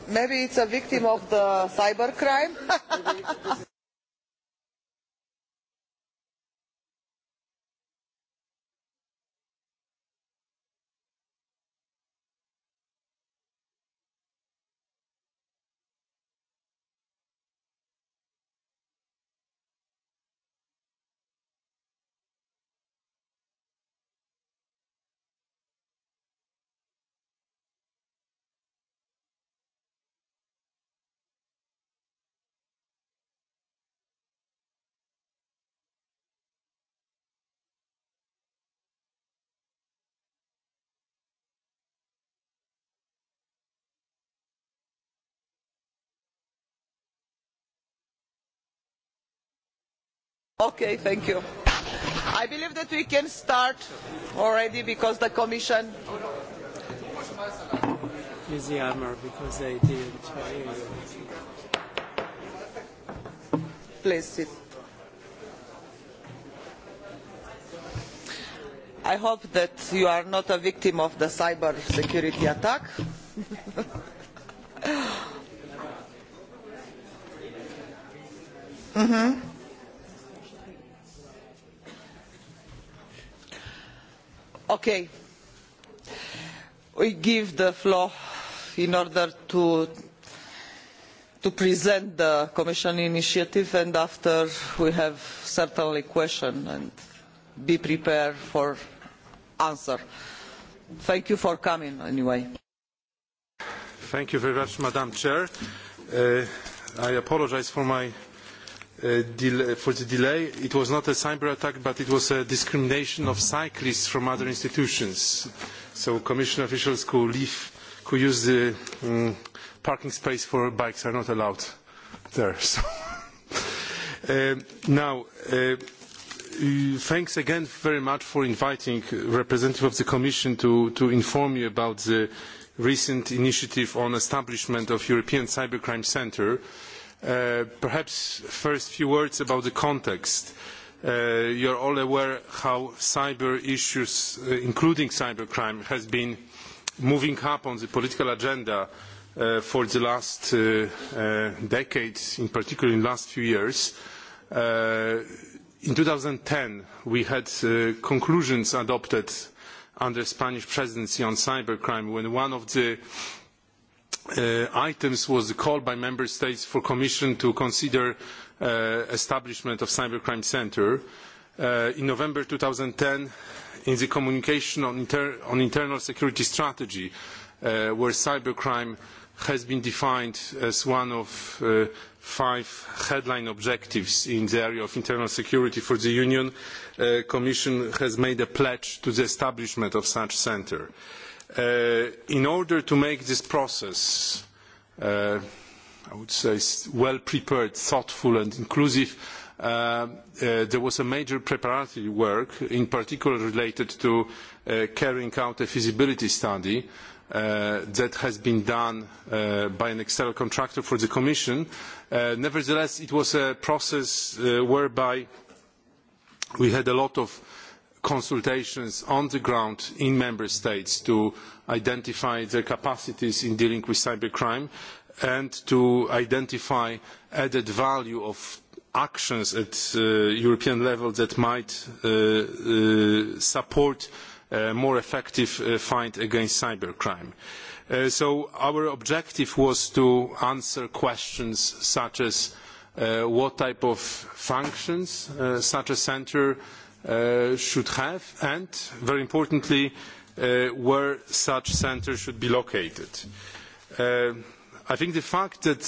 Maybe it's a victim of the cybercrime. Okay, thank you. I believe that we can start already because the Commission. Use the armor because they didn't. Please sit. I hope that you are not a victim of the cyber security attack. mm-hmm. Okay. we give the floor in order to to present the commission initiative and after we have certainly questions and be prepared for answer. Thank you for coming anyway. Thank you very much, Madam Chair. Uh, I apologize for my Uh, for the delay. It was not a cyber attack, but it was a discrimination of cyclists from other institutions. So commission officials who leave, who use the um, parking space for bikes are not allowed there. So. uh, now, uh, thanks again very much for inviting representative of the Commission to, to inform you about the recent initiative on establishment of European Cybercrime Centre. Uh, Uh, perhaps first few words about the context. Uh, you're all aware how cyber issues, uh, including cybercrime, has been moving up on the political agenda uh, for the last uh, uh, decades, in particular in the last few years. Uh, in 2010, we had uh, conclusions adopted under Spanish presidency on cybercrime when one of the uh, uh, items was the call by member states for commission to consider uh, establishment of cybercrime center. Uh, in November 2010, in the communication on, inter on internal security strategy, uh, where cybercrime has been defined as one of uh, five headline objectives in the area of internal security for the Union, uh, Commission has made a pledge to the establishment of such centre. Uh, Uh, in order to make this process, uh, I would say, well prepared, thoughtful, and inclusive, uh, uh, there was a major preparatory work, in particular related to uh, carrying out a feasibility study uh, that has been done uh, by an external contractor for the Commission. Uh, nevertheless, it was a process uh, whereby we had a lot of uh, consultations on the ground in member states to identify their capacities in dealing with cybercrime and to identify added value of actions at uh, European level that might uh, uh, support a uh, more effective uh, fight against cybercrime. Uh, so our objective was to answer questions such as uh, what type of functions uh, such a centre uh, uh, should have and, very importantly, uh, where such centres should be located. Uh, I think the fact that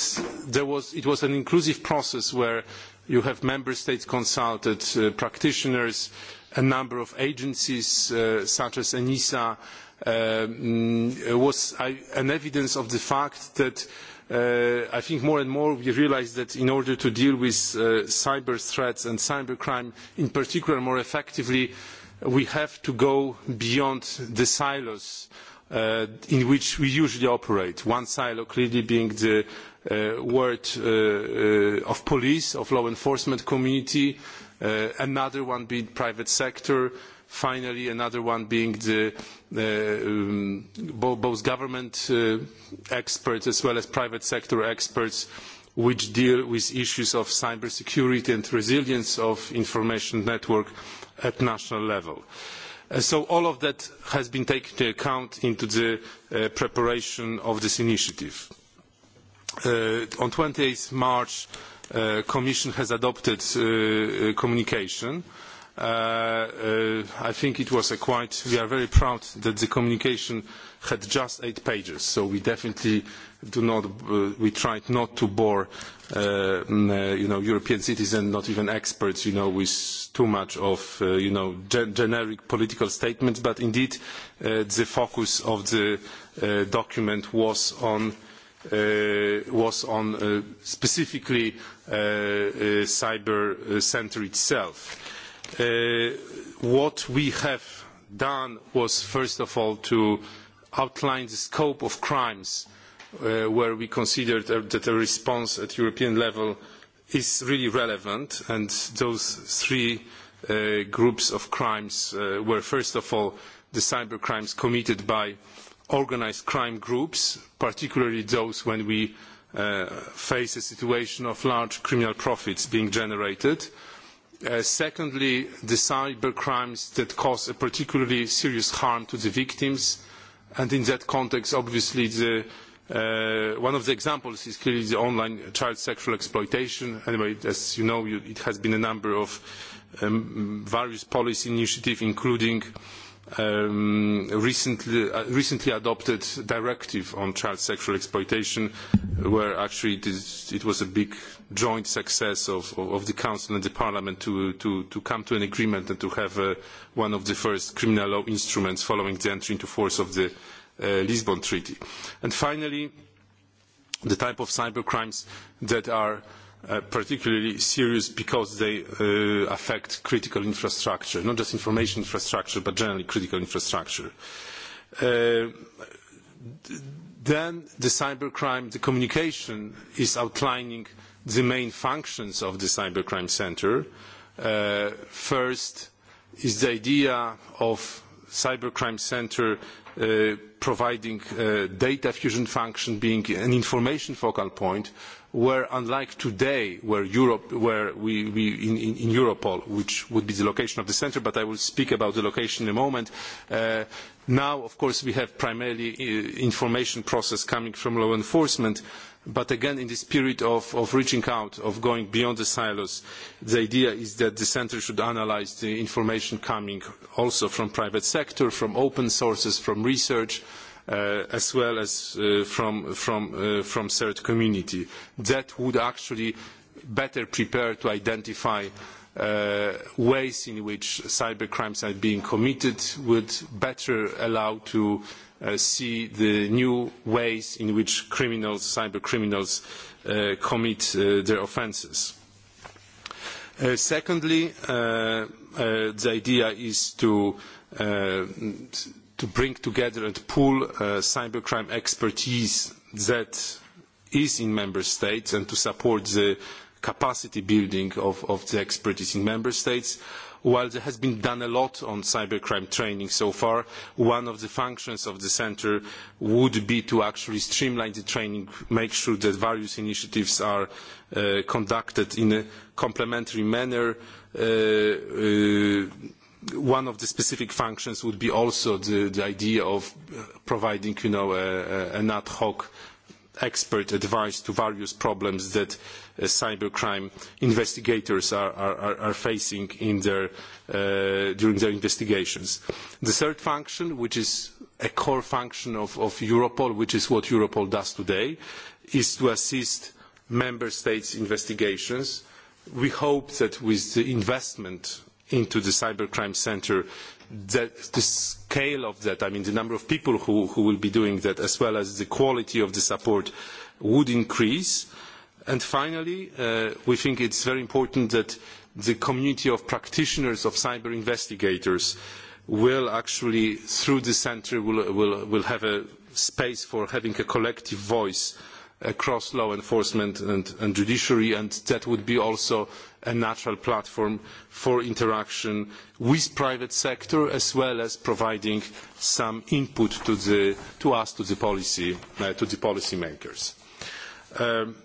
there was, it was an inclusive process where you have member states consulted, uh, practitioners, uh, a number of agencies uh, such as ENISA um, uh, was uh, an evidence of the fact that uh, I think more and more we realize that in order to deal with uh, cyber threats and cybercrime in particular more effectively, we have to go beyond the silos uh, in which we usually operate. One silo clearly being the uh, word uh, uh, of police, of law enforcement community, uh, uh, another one being private sector, finally another one being the uh, um, bo both government uh, experts as well as private sector experts which deal with issues of cybersecurity and resilience of information network at national level. Uh, so all of that has been taken into account into the uh, preparation of this initiative. Uh, on 28 March, uh, uh, Commission has adopted uh, uh, communication. Uh, uh, I think it was a quite, we are very proud that the communication had just eight pages, so we definitely do not, uh, we tried not to bore, uh, mm, uh you know, European citizens, not even experts, you know, with too much of, uh, you know, gen generic political statements, but indeed uh, the focus of the uh, document was on uh, uh, was on uh, specifically uh, uh, cyber uh, center itself. Uh, what we have done was first of all to outline the scope of crimes uh, where we considered uh, that a response at European level is really relevant and those three uh, groups of crimes uh, were first of all the cyber crimes committed by uh, organized crime groups, particularly those when we uh, face a situation of large criminal profits being generated. Uh, secondly, the cyber crimes that cause a particularly serious harm to the victims. And in that context, obviously, the, uh, one of the examples is clearly the online child sexual exploitation. Anyway, as you know, you, it has been a number of um, various policy initiatives, including uh, um, recently, uh, recently adopted directive on child sexual exploitation, where actually it, is, it was a big joint success of, of, of the Council and the Parliament to, to, to come to an agreement and to have uh, one of the first criminal law instruments following the entry into force of the uh, Lisbon Treaty. And finally, the type of cybercrimes that are uh, Uh, particularly serious because they uh, affect critical infrastructure, not just information infrastructure, but generally critical infrastructure. Uh, then the cybercrime, the communication is outlining the main functions of the cybercrime center. Uh, first is the idea of cybercrime center uh, providing uh, data fusion function being an information focal point where unlike today where Europe where we, we in, in, in Europol which would be the location of the center but I will speak about the location in a moment uh, now of course we have primarily uh, information process coming from law enforcement uh, but again in the spirit of, of reaching out, of going beyond the silos, the idea is that the center should analyze the information coming also from private sector, from open sources, from research, uh, as well as uh, from, from, uh, from CERT community. That would actually better prepare to identify uh, ways in which cyber crimes are being committed, would better allow to uh, uh, see the new ways in which criminals, cyber criminals, uh, commit uh, their offences. Uh, secondly, uh, uh, the idea is to uh, to bring together and pool uh, cybercrime expertise that is in member states and to support the capacity building of, of the expertise in member states. Uh, While there has been done a lot on cybercrime training so far, one of the functions of the center would be to actually streamline the training, make sure that various initiatives are uh, conducted in a complementary manner. Uh, uh, one of the specific functions would be also the, the idea of uh, providing, you know, a, a, an ad hoc expert advice to various problems that uh, uh, cybercrime investigators are, are, are facing in their, uh, during their investigations. The third function, which is a core function of, of Europol, which is what Europol does today, is to assist member states' investigations. We hope that with the investment into the cybercrime center, that the scale of that, I mean the number of people who, who will be doing that, as well as the quality of the support would increase. And finally, uh, we think it's very important that the community of practitioners of cyber investigators will actually, through the center, will, will, will have a space for having a collective voice across law enforcement and, and judiciary, and that would be also a natural platform for interaction with private sector, as well as providing some input to, the, to us, to the policy, uh, to the policymakers. Um,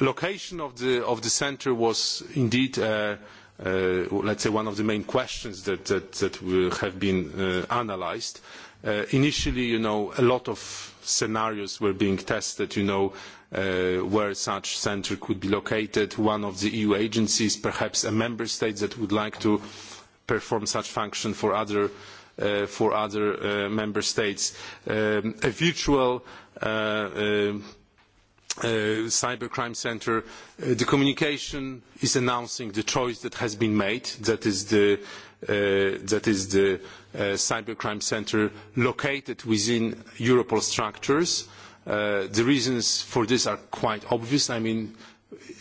location of the of the center was indeed uh, uh, let's say one of the main questions that that, that will have been uh, analyzed uh, initially you know a lot of scenarios were being tested you know uh, where such center could be located one of the EU agencies perhaps a member state that would like to perform such function for other uh, for other uh, member states um, a virtual uh, uh, Uh, cybercrime center uh, the communication is announcing the choice that has been made that is the uh, that is the uh, cybercrime center located within europol structures uh, the reasons for this are quite obvious i mean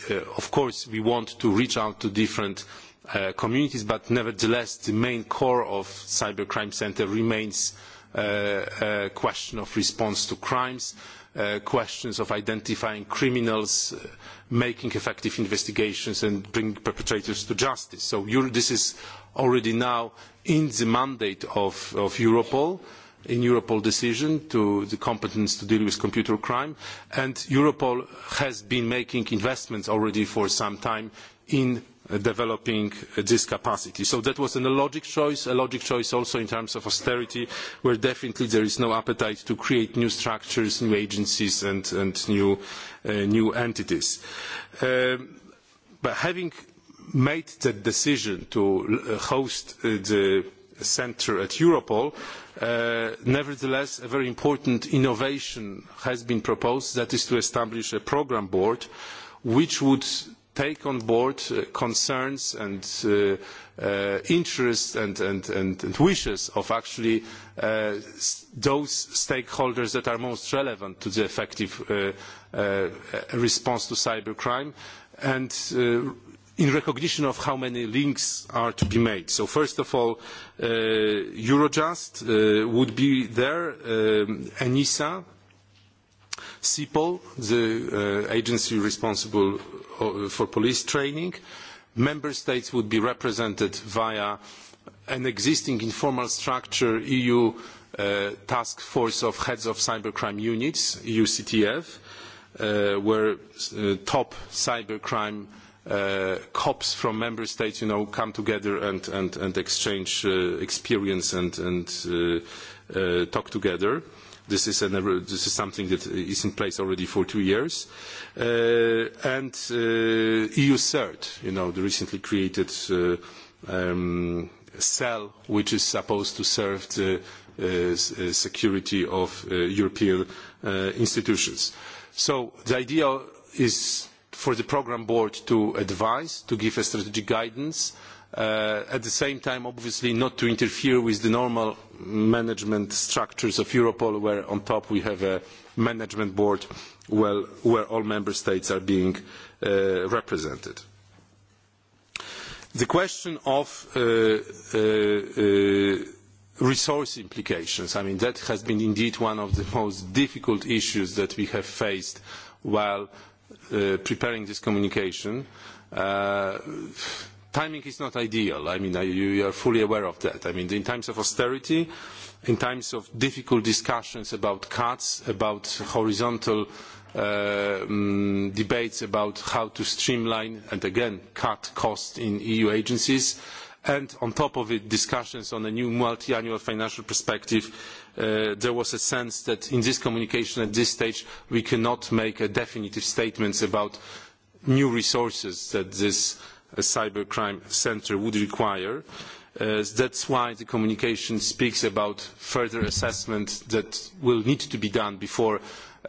uh, of course we want to reach out to different uh, communities but nevertheless the main core of cybercrime center remains uh, a question of response to crimes uh, uh, questions of identifying criminals, uh, making effective investigations and bringing perpetrators to justice. So Euro, this is already now in the mandate of, of Europol, in Europol decision to the competence to deal with computer crime. And Europol has been making investments already for some time in developing this capacity. So that was a logic choice, a logic choice also in terms of austerity, where definitely there is no appetite to create new structures, new agencies, and, and new, uh, new entities. Um, but having made the decision to uh, host uh, the center at Europol, uh, nevertheless, a very important innovation has been proposed, that is to establish a program board, which would take on board uh, concerns and uh, uh, interests and, and, and, and wishes of actually uh, those stakeholders that are most relevant to the effective uh, uh, response to cybercrime and uh, in recognition of how many links are to be made. So first of all, uh, Eurojust uh, would be there, um, ENISA, CEPOL, the uh, agency responsible Uh, for police training. Member states would be represented via an existing informal structure, EU uh, task force of heads of cybercrime units, EUCTF, uh, where uh, top cybercrime uh, cops from member states, you know, come together and, and, and exchange uh, experience and, and uh, uh, talk together. Uh, This is, an, this is something that is in place already for two years. Uh, and uh, EU CERT, you know, the recently created uh, um, cell which is supposed to serve the uh, uh, security of uh, European uh, institutions. So the idea is for the program board to advise, to give a strategic guidance, uh, uh, at the same time obviously not to interfere with the normal management structures of Europol where on top we have a management board well, where all member states are being uh, represented. The question of uh, uh, uh, resource implications. I mean, that has been indeed one of the most difficult issues that we have faced while uh, preparing this communication. Uh, timing is not ideal. I mean, I, you are fully aware of that. I mean, in times of austerity, in times of difficult discussions about cuts, about horizontal uh, um, debates about how to streamline and again cut costs in EU agencies, and on top of it, discussions on a new multi-annual financial perspective, uh, there was a sense that in this communication at this stage, we cannot make a definitive statements about new resources that this uh, a cybercrime center would require. Uh, that's why the communication speaks about further assessment that will need to be done before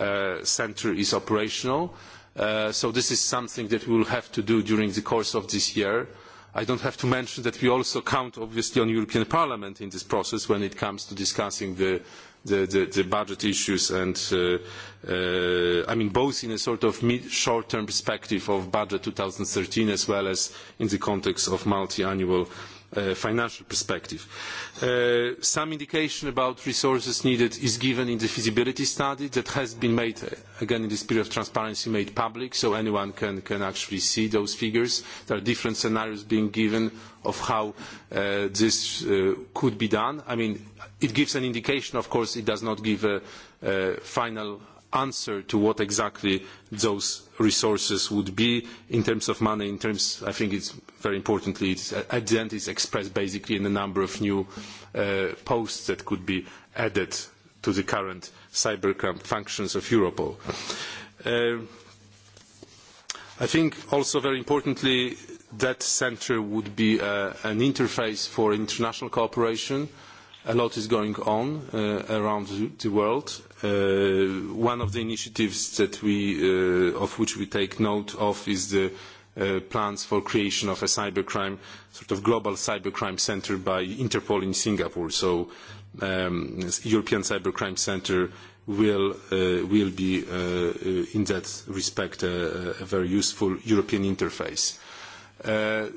uh, center is operational. Uh, so this is something that we will have to do during the course of this year. I don't have to mention that we also count obviously on European Parliament in this process when it comes to discussing the the, the, the budget issues and uh, uh, I mean both in a sort of mid short term perspective of budget 2013 as well as in the context of multi annual uh, uh, financial perspective. Uh, some indication about resources needed is given in the feasibility study that has been made, uh, again, in this period of transparency, made public, so anyone can, can actually see those figures. There are different scenarios being given of how uh, this uh, could be done. I mean, it gives an indication, of course, it does not give a, a final answer to what exactly those resources would be in terms of money, in terms, I think it's very importantly, it's, uh, at the end it's expressed basically in the number of new uh, posts that could be added to the current cybercrime functions of Europol. Uh, I think also very importantly, that center would be uh, an interface for international cooperation. A lot is going on uh, around the world Uh, one of the initiatives that we, uh, of which we take note of is the uh, plans for creation of a cybercrime, sort of global cybercrime center by Interpol in Singapore. So um, European Cybercrime Center will, uh, will be, uh, uh in that respect, a, a very useful European interface. Uh,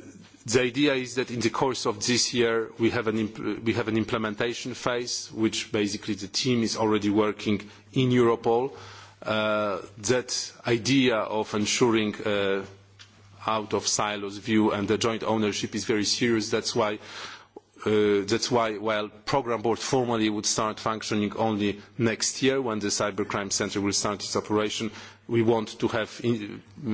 The idea is that in the course of this year, we have an, we have an implementation phase, which basically the team is already working in Europol. Uh, that idea of ensuring uh, out of silos view and the joint ownership is very serious. That's why Uh, that's why, while program board formally would start functioning only next year when the cybercrime center will start its operation, we want to have in, uh,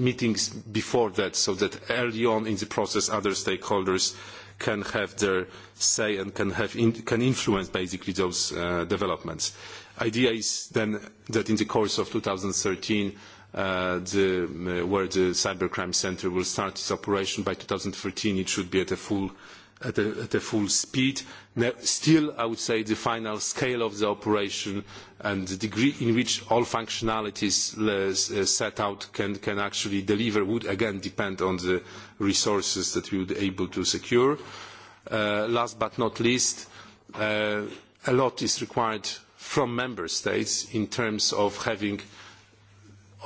meetings before that so that early on in the process other stakeholders can have their say and can, have in, can influence basically those uh, developments. Idea is then that in the course of 2013 Uh, the, uh, where the cybercrime center will start its operation by 2013, it should be at a full at a, at a full speed, now, still, I would say, the final scale of the operation and the degree in which all functionalities uh, uh set out can, can actually deliver would again depend on the resources that we would be able to secure. Uh, last but not least, uh, a lot is required from member states in terms of having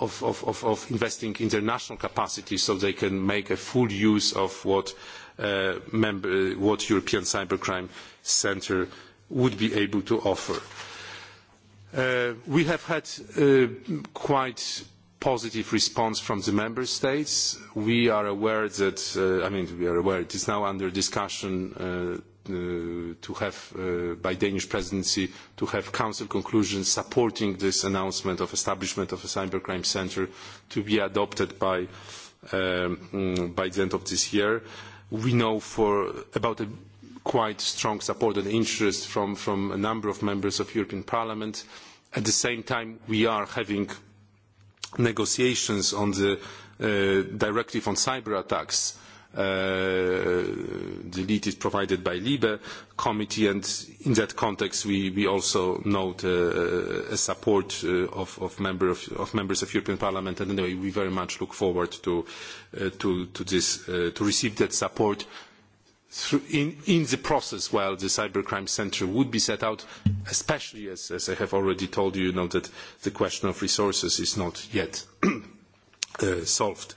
of, of, of, of investing international capacity so they can make a full use of what uh, uh, member, uh, what European Cybercrime Center would be able to offer. Uh, we have had uh, quite positive response from the member states. We are aware that, uh, I mean, we are aware it is now under discussion uh, uh, to have, uh, by Danish presidency, to have council conclusions supporting this announcement of establishment of a cybercrime center to be adopted by, um, by the end of this year. Uh, we know for about a quite strong support and interest from, from a number of members of European Parliament. At the same time, we are having negotiations on the uh, directive on cyber attacks Uh, the lead is provided by LIBE committee, and in that context, we, we also note uh, uh, a support uh, of, of, member of, of members of European Parliament. And anyway, we very much look forward to, uh, to, to, this, uh, to receive that support through in, in the process while the cybercrime center would be set out, especially as, as I have already told you, you know, that the question of resources is not yet uh, solved.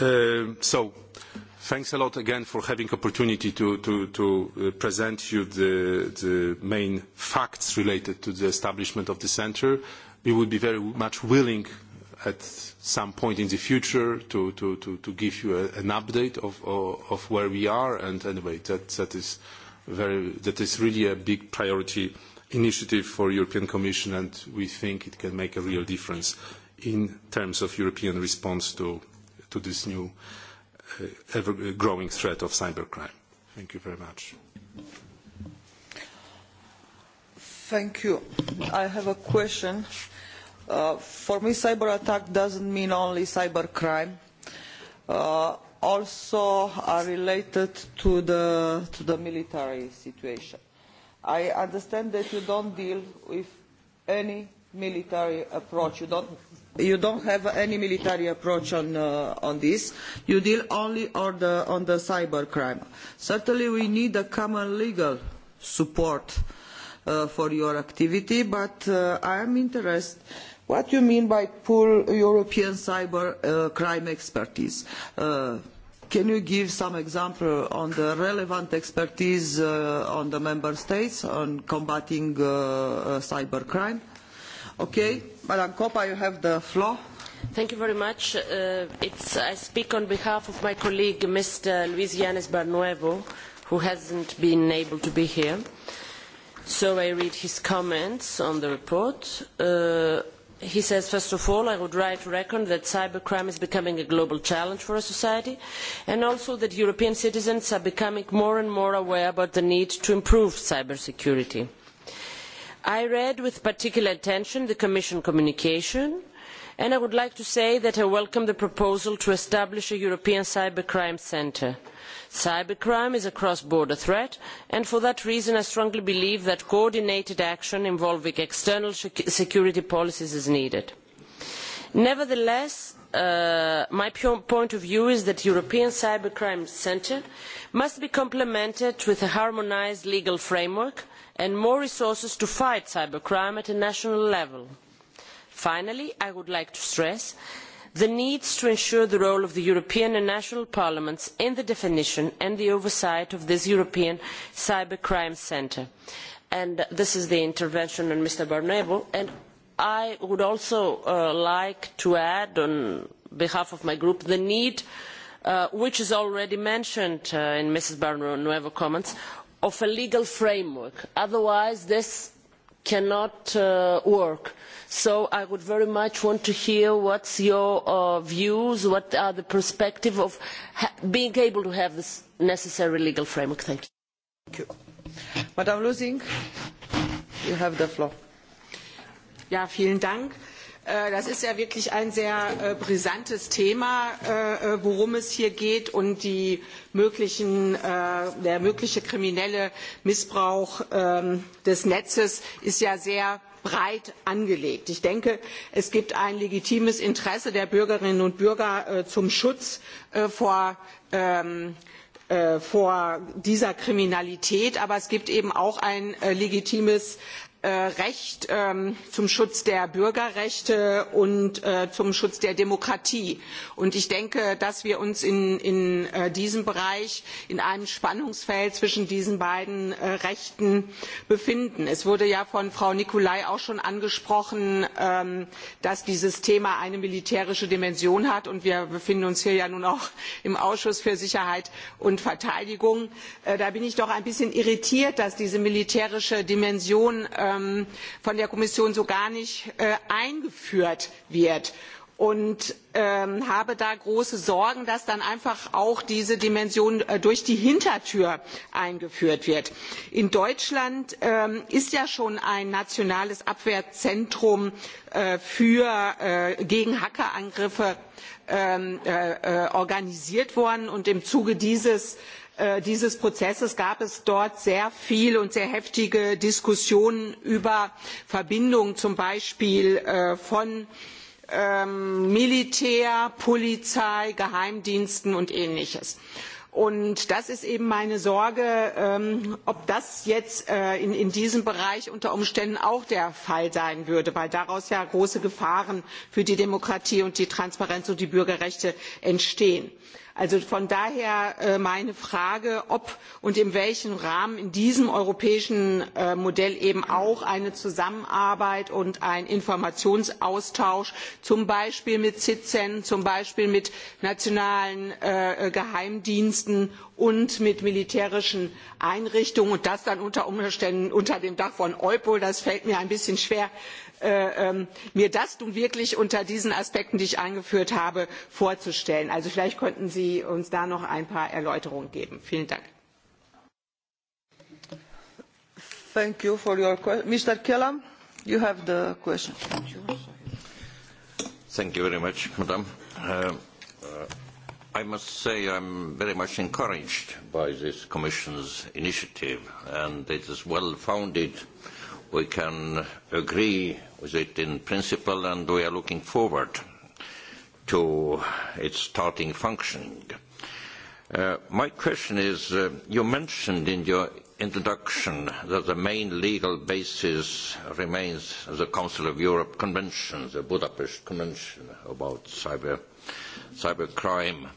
Uh, so, uh, Thanks a lot again for having opportunity to, to, to uh, present you the, the main facts related to the establishment of the center. We would be very much willing at some point in the future to, to, to, to give you a, an update of, of, of where we are. And anyway, that, that, is very, that is really a big priority initiative for European Commission, and we think it can make a real difference in terms of European response to, to this new uh, Uh, ever-growing threat of cybercrime. Thank you very much. Thank you. I have a question. Uh, for me, cyber attack doesn't mean only cyber crime. Uh, also are related to the, to the military situation. I understand that you don't deal with any military approach. You don't you don't have any military approach on uh, on this you deal only on the on the cyber crime certainly we need a common legal support uh, for your activity but uh, i am interested what you mean by pool european cyber uh, crime expertise uh, can you give some example on the relevant expertise uh, on the member states on combating uh, cyber crime? Uh, Okay, Madam Coppa, you have the floor. Thank you very much. Uh, it's, I speak on behalf of my colleague, Mr. Luis Yanes Barnuevo, who hasn't been able to be here. So I read his comments on the report. Uh, he says first of all i would like to reckon that cybercrime is becoming a global challenge for our society and also that european citizens are becoming more and more aware about the need to improve cyber security i read with particular attention the commission communication and i would like to say that i welcome the proposal to establish a european cybercrime centre. cybercrime is a cross border threat and for that reason i strongly believe that coordinated action involving external security policies is needed. nevertheless uh, my point of view is that the european cybercrime centre must be complemented with a harmonised legal framework and more resources to fight cybercrime at a national level. finally i would like to stress the need to ensure the role of the european and national parliaments in the definition and the oversight of this european cybercrime centre. And this is the intervention of mr barnier and i would also uh, like to add on behalf of my group the need uh, which is already mentioned uh, in mrs barnier's comments of a legal framework otherwise this cannot uh, work. so i would very much want to hear what are your uh, views what are the perspectives of being able to have this necessary legal framework. thank you. Thank you. Madame Lusing, you have the floor. Ja, vielen Dank. Äh, das ist ja wirklich ein sehr äh, brisantes Thema, äh, äh, worum es hier geht und die möglichen, äh, der mögliche kriminelle Missbrauch äh, des Netzes ist ja sehr breit angelegt. Ich denke, es gibt ein legitimes Interesse der Bürgerinnen und Bürger äh, zum Schutz äh, vor ähm, äh, vor dieser Kriminalität, aber es gibt eben auch ein äh, legitimes Äh, recht ähm, zum schutz der bürgerrechte und äh, zum schutz der demokratie. Und ich denke dass wir uns in, in äh, diesem bereich in einem spannungsfeld zwischen diesen beiden rechten befinden. es wurde ja von frau nicolai auch schon angesprochen ähm, dass dieses thema eine militärische dimension hat und wir befinden uns hier ja nun auch im ausschuss für sicherheit und verteidigung. da bin ich doch ein bisschen irritiert dass diese militärische dimension ähm, von der Kommission so gar nicht äh, eingeführt wird und ähm, habe da große Sorgen, dass dann einfach auch diese Dimension äh, durch die Hintertür eingeführt wird. In Deutschland ähm, ist ja schon ein nationales Abwehrzentrum äh, für, äh, gegen Hackerangriffe ähm, äh, äh organisiert worden und im Zuge dieses äh, Äh, dieses prozesses gab es dort sehr viel und sehr heftige diskussionen über verbindungen zum beispiel äh, von ähm, militär polizei geheimdiensten und ähnlichem. Und das ist eben meine Sorge, ähm, ob das jetzt äh, in, in diesem Bereich unter Umständen auch der Fall sein würde, weil daraus ja große Gefahren für die Demokratie und die Transparenz und die Bürgerrechte entstehen. Also von daher äh, meine Frage, ob und in welchem Rahmen in diesem europäischen äh, Modell eben auch eine Zusammenarbeit und ein Informationsaustausch zum Beispiel mit CITZEN, zum Beispiel mit nationalen äh, Geheimdiensten und mit militärischen Einrichtungen und das dann unter Umständen unter dem Dach von Eupol. Das fällt mir ein bisschen schwer, äh, ähm, mir das nun wirklich unter diesen Aspekten, die ich eingeführt habe, vorzustellen. Also vielleicht könnten Sie uns da noch ein paar Erläuterungen geben. Vielen Dank. Thank you for your question. Mr. Kellam, you have the question. Thank you very much, Madam. Uh, uh, I must say I'm very much encouraged by this Commission's initiative, and it is well founded. We can agree with it in principle, and we are looking forward to its starting functioning. Uh, my question is, uh, you mentioned in your introduction that the main legal basis remains the Council of Europe Convention, the Budapest Convention about cyber cybercrime.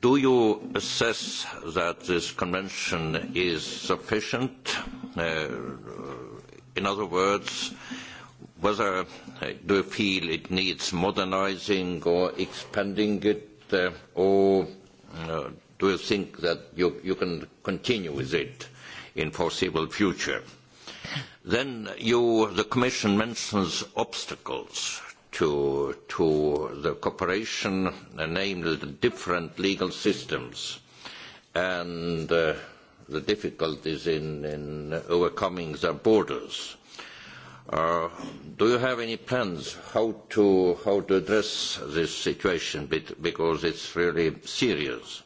Do you assess that this convention is sufficient? Uh, in other words, whether uh, do you feel it needs modernizing or expanding it, uh, or uh, do you think that you, you can continue with it in foreseeable future? Then you, the Commission mentions obstacles to, to the cooperation, uh, namely the different legal systems and uh, the difficulties in, in overcoming their borders. Uh, do you have any plans how to, how to address this situation because it's really serious?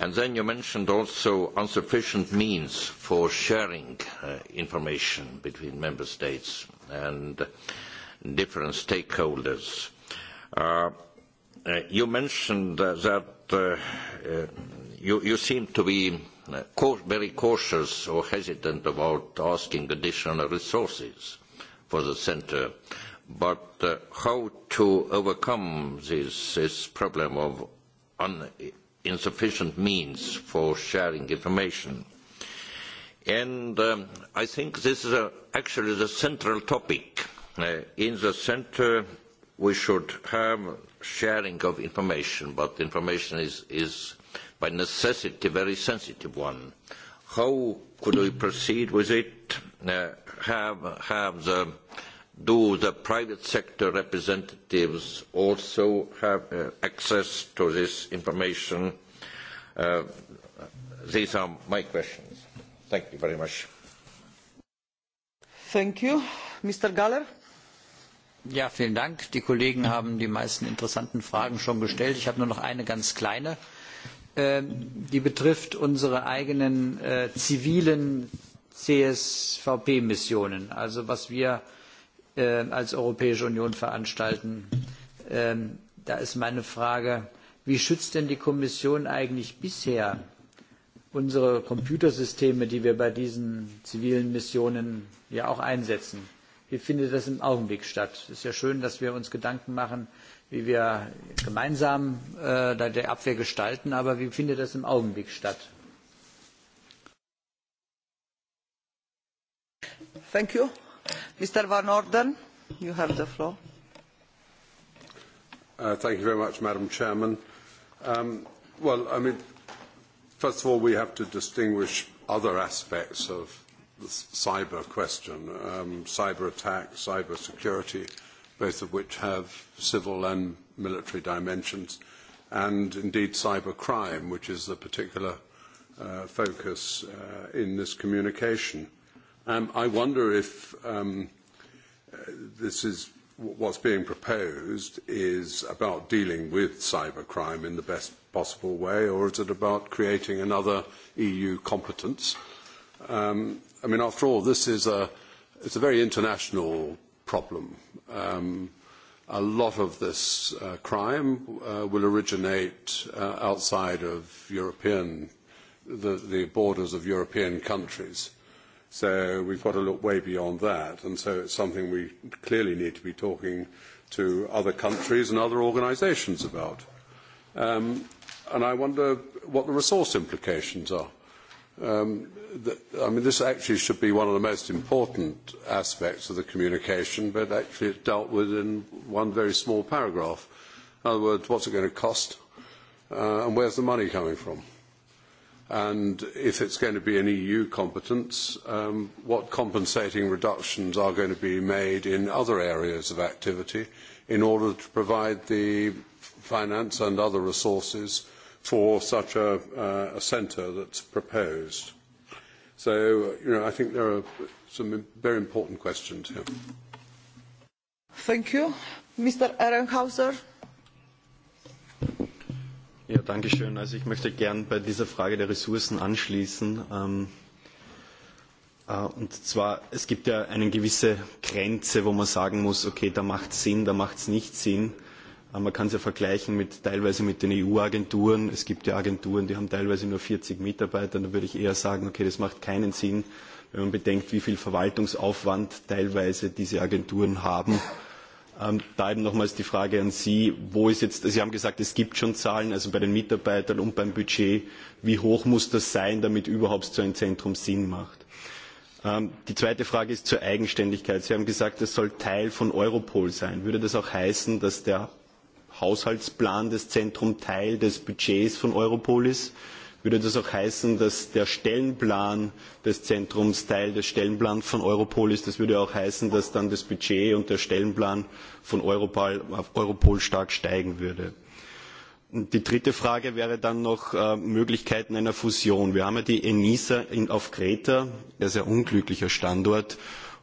And then you mentioned also insufficient means for sharing uh, information between member states and uh, different stakeholders. Uh, uh, you mentioned uh, that uh, uh, you, you seem to be uh, ca very cautious or hesitant about asking additional resources for the center. But uh, how to overcome this, this problem of un insufficient means for sharing information? And um, I think this is a, actually the central topic uh, in the center we should have sharing of information, but information is, is by necessity a very sensitive one. How could we proceed with it? Uh, have, have the, do the private sector representatives also have uh, access to this information? Uh, these are my questions. Thank you very much. Thank you. Mr. Galler? Ja, vielen Dank. Die Kollegen haben die meisten interessanten Fragen schon gestellt. Ich habe nur noch eine ganz kleine. Ähm, die betrifft unsere eigenen äh, zivilen CSVP-Missionen, also was wir äh, als Europäische Union veranstalten. Ähm, da ist meine Frage, wie schützt denn die Kommission eigentlich bisher unsere Computersysteme, die wir bei diesen zivilen Missionen ja auch einsetzen? Wie findet das im Augenblick statt? Es ist ja schön, dass wir uns Gedanken machen, wie wir gemeinsam äh, die Abwehr gestalten, aber wie findet das im Augenblick statt? Thank you. Mr. Van Orden, you have the floor. Uh, thank you very much, Madam Chairman. Um, well, I mean, first of all, we have to distinguish other aspects of the cyber question, um, cyber attack, cyber security, both of which have civil and military dimensions, and indeed cyber crime, which is the particular uh, focus uh, in this communication. Um, I wonder if um, uh, this is what's being proposed is about dealing with cybercrime in the best possible way, or is it about creating another EU competence? Um, I mean, after all, this is a, it's a very international problem. Um, a lot of this uh, crime uh, will originate uh, outside of European, the, the borders of European countries. So we've got to look way beyond that. And so it's something we clearly need to be talking to other countries and other organizations about. Um, and I wonder what the resource implications are. Um, the, I mean, this actually should be one of the most important aspects of the communication, but actually it's dealt with in one very small paragraph. In other words, what's it going to cost uh, and where's the money coming from? And if it's going to be an EU competence, um, what compensating reductions are going to be made in other areas of activity in order to provide the finance and other resources for such a, uh, a centre that's proposed. So, you know, I think there are some very important questions here. Thank you. Mr. Ehrenhauser. Ja, danke schön. Also ich möchte gern bei dieser Frage der Ressourcen anschließen. Ähm, äh, und zwar, es gibt ja eine gewisse Grenze, wo man sagen muss, okay, da macht es Sinn, da macht es nicht Sinn. Äh, Man kann es ja vergleichen mit, teilweise mit den EU-Agenturen. Es gibt ja Agenturen, die haben teilweise nur 40 Mitarbeiter. Da würde ich eher sagen, okay, das macht keinen Sinn, wenn man bedenkt, wie viel Verwaltungsaufwand teilweise diese Agenturen haben. Ähm, da eben nochmals die Frage an Sie, wo ist jetzt, Sie haben gesagt, es gibt schon Zahlen, also bei den Mitarbeitern und beim Budget, wie hoch muss das sein, damit überhaupt so ein Zentrum Sinn macht? Ähm, die zweite Frage ist zur Eigenständigkeit. Sie haben gesagt, es soll Teil von Europol sein. Würde das auch heißen, dass der Haushaltsplan des Zentrum Teil des Budgets von Europol ist, würde das auch heißen, dass der Stellenplan des Zentrums Teil des Stellenplans von Europol ist. Das würde auch heißen, dass dann das Budget und der Stellenplan von Europol, Europol stark steigen würde. Die dritte Frage wäre dann noch äh, Möglichkeiten einer Fusion. Wir haben ja die ENISA in, auf Kreta, ein sehr unglücklicher Standort.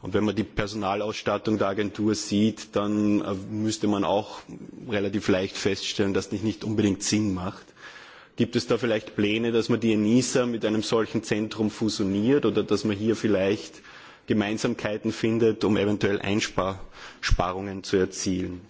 Und wenn man die Personalausstattung der Agentur sieht, dann äh, müsste man auch relativ leicht feststellen, dass das nicht unbedingt Sinn macht. Gibt es da vielleicht Pläne, dass man die ENISA mit einem solchen Zentrum fusioniert oder dass man hier vielleicht Gemeinsamkeiten findet, um eventuell Einsparungen zu erzielen?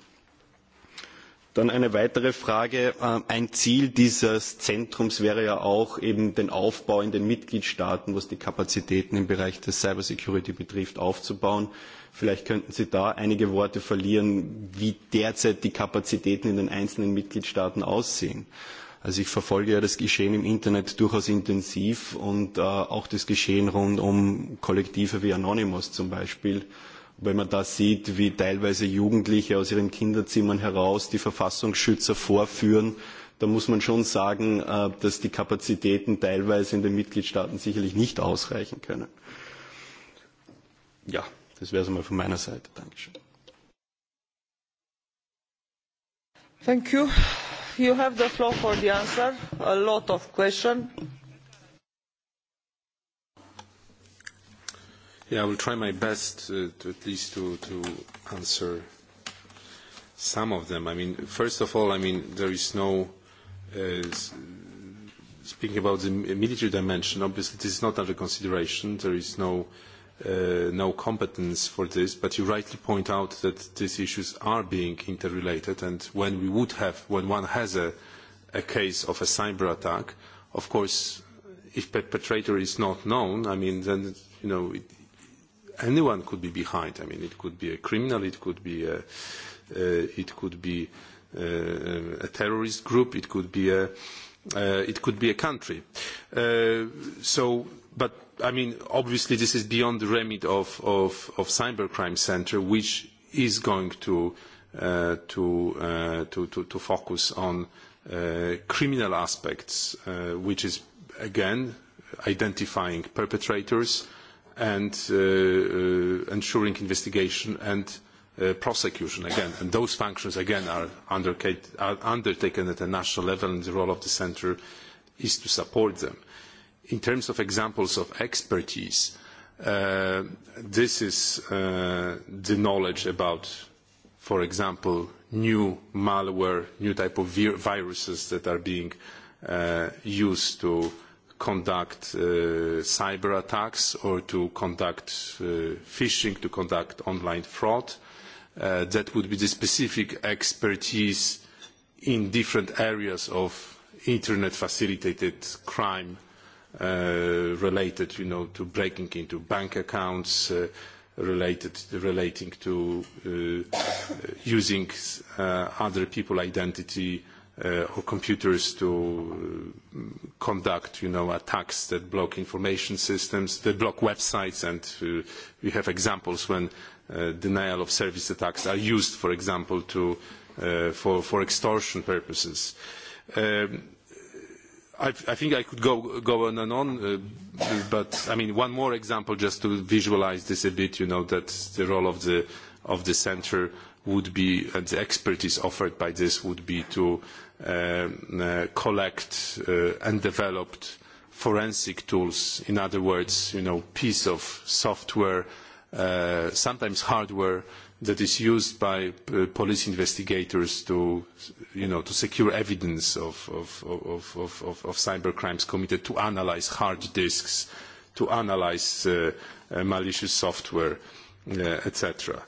Dann eine weitere Frage. Ähm, ein Ziel dieses Zentrums wäre ja auch eben den Aufbau in den Mitgliedstaaten, was die Kapazitäten im Bereich des Cybersecurity betrifft, aufzubauen. Vielleicht könnten Sie da einige Worte verlieren, wie derzeit die Kapazitäten in den einzelnen Mitgliedstaaten aussehen. Also ich verfolge ja das Geschehen im Internet durchaus intensiv und äh, auch das Geschehen rund um Kollektive wie Anonymous zum Beispiel. Äh, wenn man da sieht, wie teilweise Jugendliche aus ihren Kinderzimmern heraus die Verfassungsschützer vorführen, da muss man schon sagen, äh, dass die Kapazitäten teilweise in den Mitgliedstaaten sicherlich nicht ausreichen können. Ja, das wäre es einmal von meiner Seite. Dankeschön. Thank you. You have the floor for the answer. A lot of questions. Yeah, I will try my best uh, to at least to, to answer some of them. I mean, first of all, I mean, there is no, uh, speaking about the military dimension, obviously this is not under consideration. There is no, uh, no competence for this, but you rightly point out that these issues are being interrelated, and when we would have, when one has a, a case of a cyber attack, of course, if perpetrator is not known, I mean, then, you know, it, anyone could be behind. I mean, it could be a criminal, it could be a, uh, it could be uh, a terrorist group, it could be a, uh, it could be a country. Uh, so, but I mean, obviously, this is beyond the remit of of, of cybercrime center, which is going to uh, to, uh, to to to focus on uh, criminal aspects, uh, which is again identifying perpetrators. Uh, and uh, uh, ensuring investigation and uh, prosecution again. And those functions again are, under, are undertaken at a national level and the role of the centre is to support them. In terms of examples of expertise, uh, this is uh, the knowledge about, for example, new malware, new type of vir viruses that are being uh, used to uh, conduct uh, cyber attacks or to conduct uh, phishing, to conduct online fraud. Uh, that would be the specific expertise in different areas of internet-facilitated crime uh, related, you know, to breaking into bank accounts, uh, related, relating to uh, using uh, other people identity uh, uh, or computers to uh, conduct, you know, attacks that block information systems, that block websites, and uh, we have examples when uh, denial of service attacks are used, for example, to, uh, for, for extortion purposes. Um, I, I think I could go, go on and on, uh, but I mean, one more example just to visualize this a bit, you know, that the role of the, of the center would be, and the expertise offered by this would be to uh, Um, uh, collect uh, and developed forensic tools. In other words, you know, piece of software, uh, sometimes hardware, that is used by police investigators to, you know, to secure evidence of, of, of, of, of, of cyber crimes committed, to analyze hard disks, to analyze uh, malicious software, uh, etc. Uh,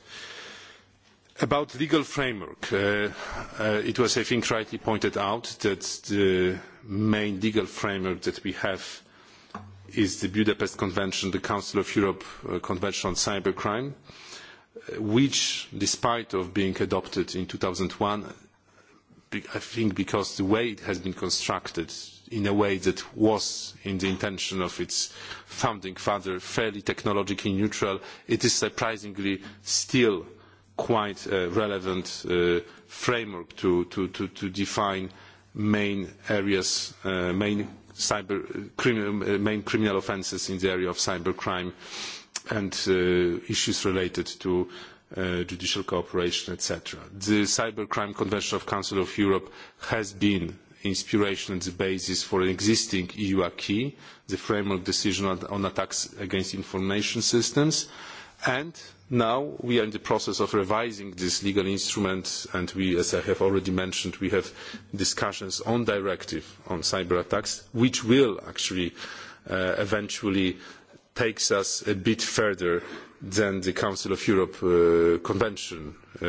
About legal framework, uh, uh, it was, I think, rightly pointed out that the main legal framework that we have is the Budapest Convention, the Council of Europe uh, Convention on Cybercrime, which, despite of being adopted in 2001, I think because the way it has been constructed in a way that was in the intention of its founding father, fairly technologically neutral, it is surprisingly still quite a uh, relevant uh, framework to, to, to, to define main areas, uh, main, cyber, uh, criminal, uh, main criminal offences in the area of cybercrime and uh, issues related to uh, judicial cooperation, etc. The Cybercrime Convention of Council of Europe has been inspiration and the basis for an existing EU acquis, the framework decision on, on attacks against information systems. Uh, And now we are in the process of revising this legal instrument, and we, as I have already mentioned, we have discussions on directive on cyber attacks, which will actually uh, eventually takes us a bit further than the Council of Europe uh, Convention uh,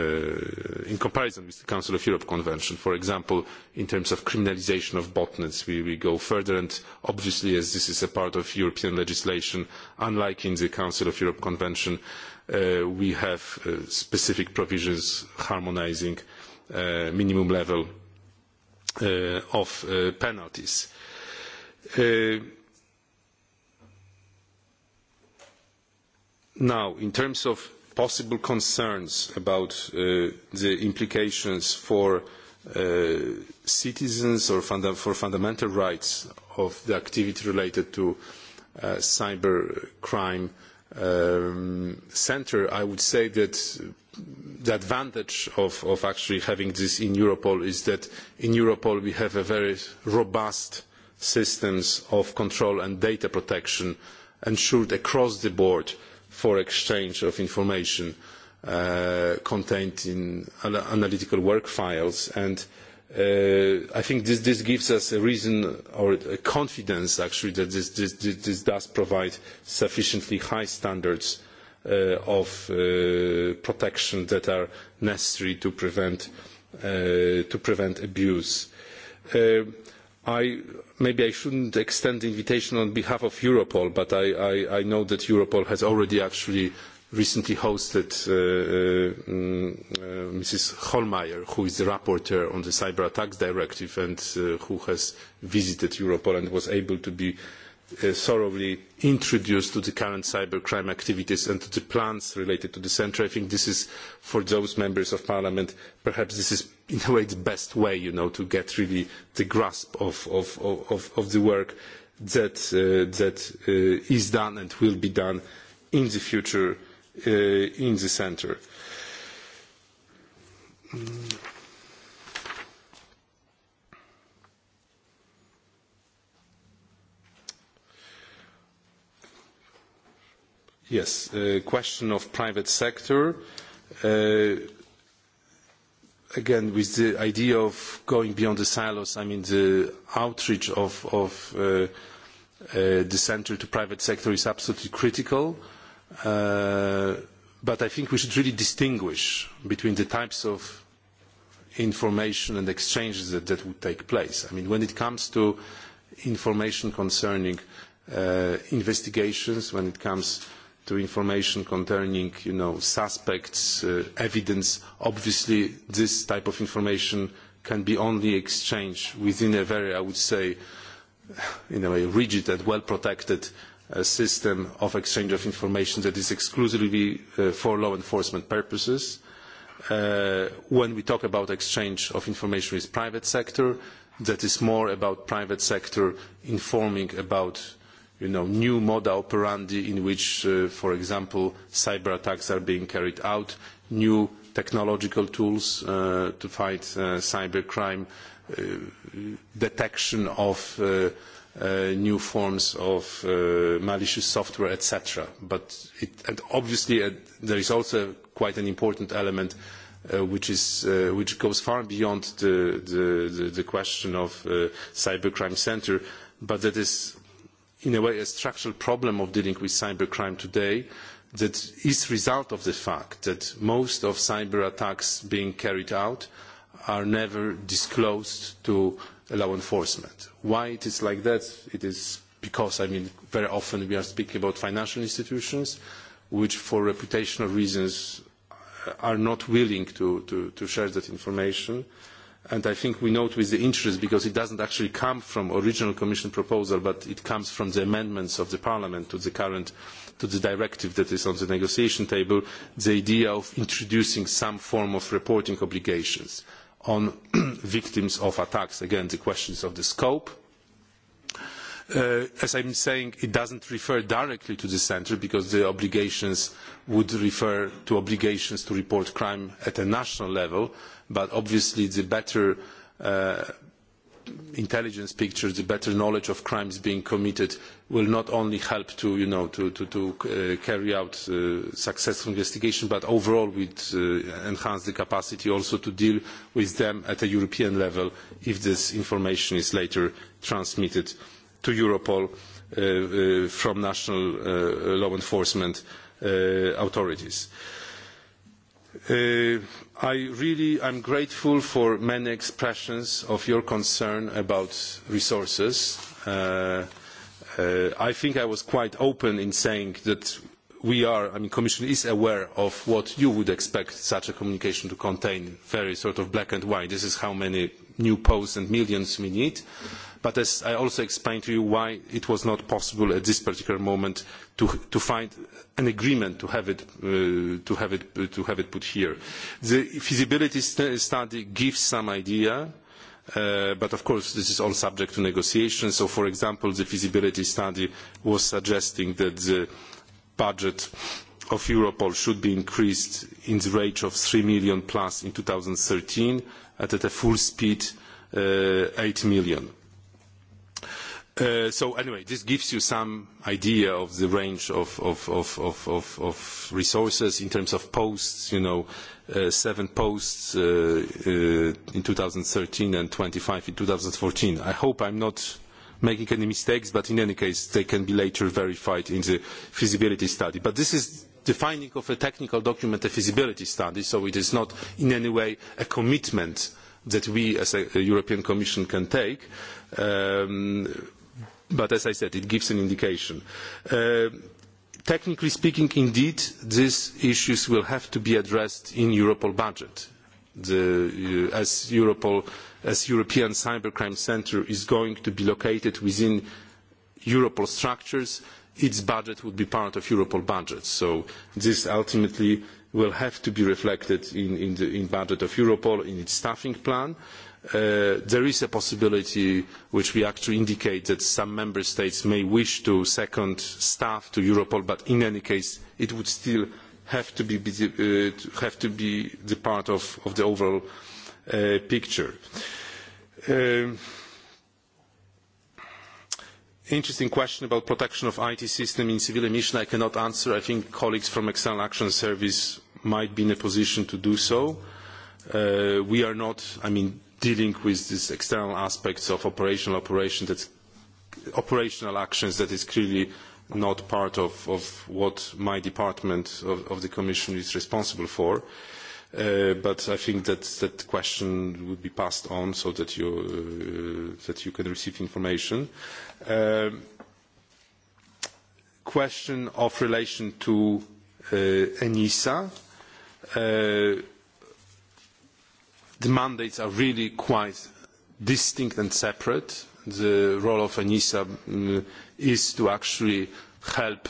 in comparison with the Council of Europe Convention. For example, in terms of criminalization of botnets, we, we go further and obviously as this is a part of European legislation, unlike in the Council of Europe Convention, uh, we have uh, specific provisions harmonizing uh, minimum level uh, of uh, penalties. Uh, Now, in terms of possible concerns about uh, the implications for uh, citizens or funda for fundamental rights of the activity related to uh, cyber crime um, center, I would say that the advantage of, of actually having this in Europol is that in Europol we have a very robust systems of control and data protection ensured across the board uh, for exchange of information uh, contained in analytical work files. And uh, I think this, this gives us a reason or a confidence, actually, that this, this, this does provide sufficiently high standards uh, of uh, protection that are necessary to prevent, uh, to prevent abuse. Uh, I, maybe I shouldn't extend the invitation on behalf of Europol, but I, I, I know that Europol has already actually recently hosted uh, uh, Mrs. Mm, uh, Holmeyer, who is the rapporteur on the Cyber Attacks Directive and uh, who has visited Europol and was able to be uh, thoroughly introduced to the current cybercrime activities and to the plans related to the centre. I think this is, for those members of parliament, perhaps this is in a way the best way you know to get really the grasp of of of, of the work that uh, that uh, is done and will be done in the future uh, in the center mm. Yes, uh, question of private sector. Uh, again, with the idea of going beyond the silos, I mean the outreach of, of uh, uh, the center to private sector is absolutely critical. Uh, but I think we should really distinguish between the types of information and exchanges that, that would take place. I mean, when it comes to information concerning uh, investigations, when it comes to information concerning, you know, suspects, uh, evidence. Obviously, this type of information can be only exchanged within a very, I would say, in a way, rigid and well-protected uh, system of exchange of information that is exclusively uh, for law enforcement purposes. Uh, when we talk about exchange of information with private sector, that is more about private sector informing about you know, new moda operandi in which, uh, for example, cyber attacks are being carried out, new technological tools uh, to fight uh, cybercrime, uh, detection of uh, uh, new forms of uh, malicious software, etc. But it, and obviously uh, there is also quite an important element uh, which, is, uh, which goes far beyond the, the, the, the question of uh, cybercrime center, but that is in a way a structural problem of dealing with cybercrime today that is result of the fact that most of cyber attacks being carried out are never disclosed to law enforcement. Why it is like that? It is because, I mean, very often we are speaking about financial institutions which for reputational reasons are not willing to, to, to share that information. Uh, and I think we note with the interest because it doesn't actually come from original Commission proposal, but it comes from the amendments of the Parliament to the current to the directive that is on the negotiation table, the idea of introducing some form of reporting obligations on victims of attacks. Again, the questions of the scope, uh, Uh, as I'm saying, it doesn't refer directly to the center because the obligations would refer to obligations to report crime at a national level, but obviously the better uh, intelligence picture, the better knowledge of crimes being committed will not only help to, you know, to, to, to uh, carry out uh, successful investigation, but overall would uh, enhance the capacity also to deal with them at a European level if this information is later transmitted uh, to Europol uh, uh, from national uh, law enforcement uh, authorities. Uh, I really am grateful for many expressions of your concern about resources. Uh, uh, I think I was quite open in saying that we are, I mean, Commission is aware of what you would expect such a communication to contain, very sort of black and white. This is how many new posts and millions we need. Uh, But as I also explained to you why it was not possible at this particular moment to, to find an agreement to have it, uh, to have it, uh, to have it put here. The feasibility st study gives some idea. Uh, but of course, this is all subject to negotiation. So, for example, the feasibility study was suggesting that the budget of Europol should be increased in the range of 3 million plus in 2013 and at a full speed uh, 8 million. Uh, so anyway, this gives you some idea of the range of, of, of, of resources in terms of posts, you know, uh, seven posts uh, uh in 2013 and 25 in 2014. I hope I'm not making any mistakes, but in any case, they can be later verified in the feasibility study. But this is the finding of a technical document, a feasibility study, so it is not in any way a commitment that we as a European Commission can take. Um, but as I said, it gives an indication. Uh, technically speaking, indeed, these issues will have to be addressed in Europol budget. The, uh, as Europol, as European Cybercrime Center is going to be located within Europol structures, its budget would be part of Europol budget. So this ultimately will have to be reflected in, in the in budget of Europol, in its staffing plan. Uh, Uh, there is a possibility which we actually indicate that some member states may wish to second staff to Europol, but in any case, it would still have to be, uh, have to be the part of, of the overall uh, picture. Um, interesting question about protection of IT system in civil emission. I cannot answer. I think colleagues from External Action Service might be in a position to do so. Uh, we are not, I mean, dealing with these external aspects of operational operation that's operational actions that is clearly not part of, of what my department of, of the Commission is responsible for. Uh, but I think that that question would be passed on so that you uh, that you can receive information. Um, question of relation to uh, ENISA. Uh, The mandates are really quite distinct and separate. The role of ENISA um, mm, is to actually help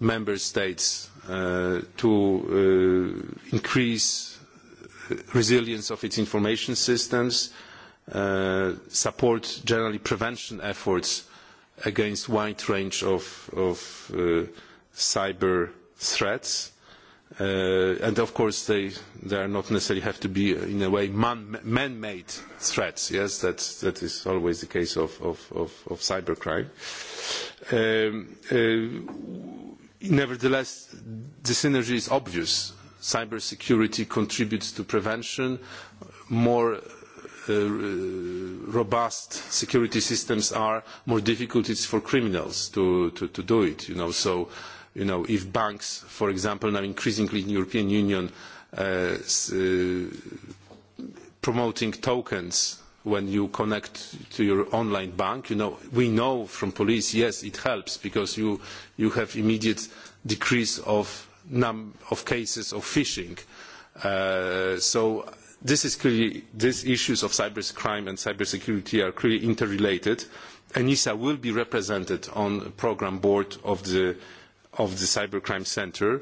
member states uh, to uh, increase resilience of its information systems, uh, support generally prevention efforts against wide range of, of uh, cyber threats, Uh, and of course, they, they are not necessarily have to be, uh, in a way, man, man-made threats. Yes, that, that is always the case of, of, of, of cybercrime. Um, uh, nevertheless, the synergy is obvious. Cybersecurity contributes to prevention. More Uh, uh robust security systems are, more difficult it's for criminals to, to, to do it, you know. So you know, if banks, for example, now increasingly in the European Union, uh, uh, promoting tokens when you connect to your online bank, you know, we know from police, yes, it helps because you, you have immediate decrease of, num of cases of phishing. Uh, so this is clearly, these issues of cybercrime and cybersecurity are clearly interrelated. ENISA will be represented on the program board of the uh, of the Cybercrime Center.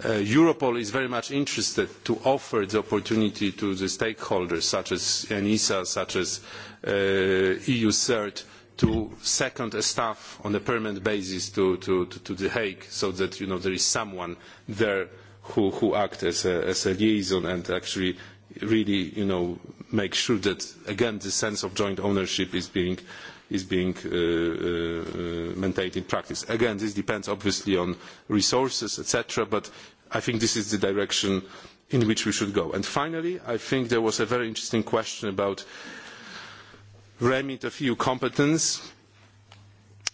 Uh, Europol is very much interested to offer the opportunity to the stakeholders such as ENISA, such as uh, EU CERT, to second a staff on a permanent basis to, to, to, to The Hague so that you know, there is someone there who, who acts as a, as a liaison and actually really you know, make sure that, again, the sense of joint ownership is being uh, is being uh, uh, uh, maintained in practice. Again, this depends obviously on resources, etc., but I think this is the direction in which we should go. And finally, I think there was a very interesting question about remit of EU competence.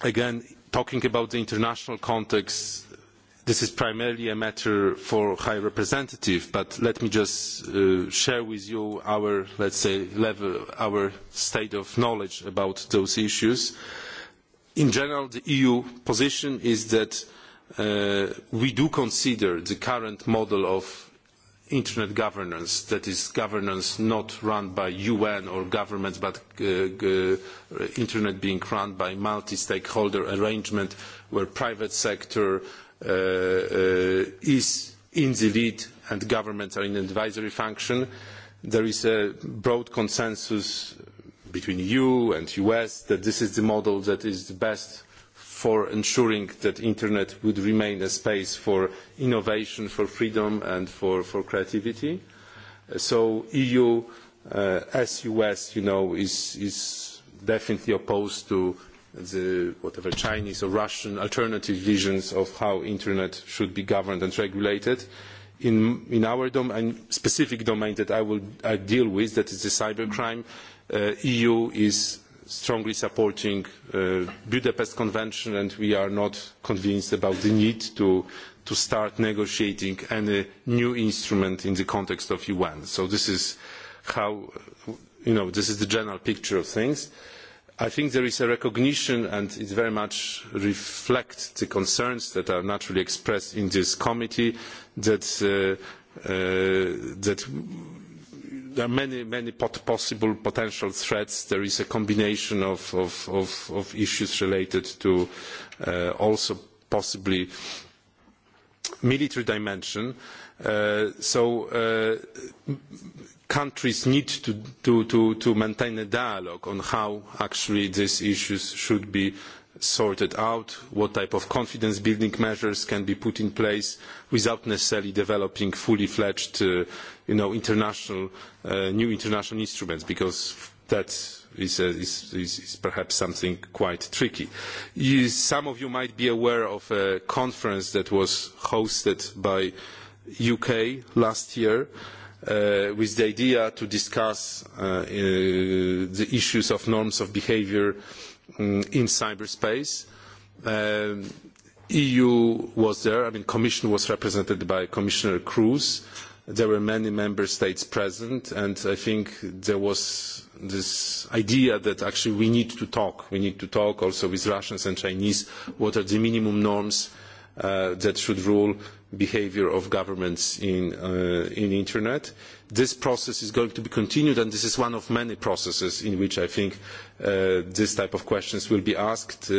Again, talking about the international context, this is primarily a matter for High Representative, but let me just uh, share with you our, let's say, level, our state of knowledge about those issues. In general, the EU position is that uh, we do consider the current model of internet governance, that is governance not run by UN or governments, but uh, uh, internet being run by multi-stakeholder arrangement where private sector, uh, uh, uh, is in the lead and governments are in an advisory function. There is a broad consensus between EU and US that this is the model that is the best for ensuring that internet would remain a space for innovation, for freedom and for, for creativity. So EU, uh, as US, you know, is, is definitely opposed to the whatever Chinese or Russian alternative visions of how internet should be governed and regulated. In, in our domain, specific domain that I will I deal with, that is the cybercrime, uh, EU is strongly supporting uh, Budapest Convention and we are not convinced about the need to, to start negotiating any new instrument in the context of UN. So this is how, you know, this is the general picture of things. Uh, I think there is a recognition, and it very much reflects the concerns that are naturally expressed in this committee, that, uh, uh, that there are many, many pot possible potential threats. There is a combination of, of, of, of issues related to uh, also possibly military dimension. Uh, Uh, so uh, countries need to, to, to, to maintain a dialogue on how actually these issues should be sorted out, what type of confidence building measures can be put in place without necessarily developing fully fledged uh, you know, international, uh, new international instruments because that is, uh, is, is, is perhaps something quite tricky. You, some of you might be aware of a conference that was hosted by uh, UK last year uh, with the idea to discuss uh, uh, the issues of norms of behavior um, in cyberspace. Um, uh, EU was there, I mean Commission was represented by Commissioner Cruz. There were many member states present and I think there was this idea that actually we need to talk. We need to talk also with Russians and Chinese what are the minimum norms uh, that should rule uh, behavior of governments in, uh, in internet. This process is going to be continued and this is one of many processes in which I think uh, this type of questions will be asked. Uh,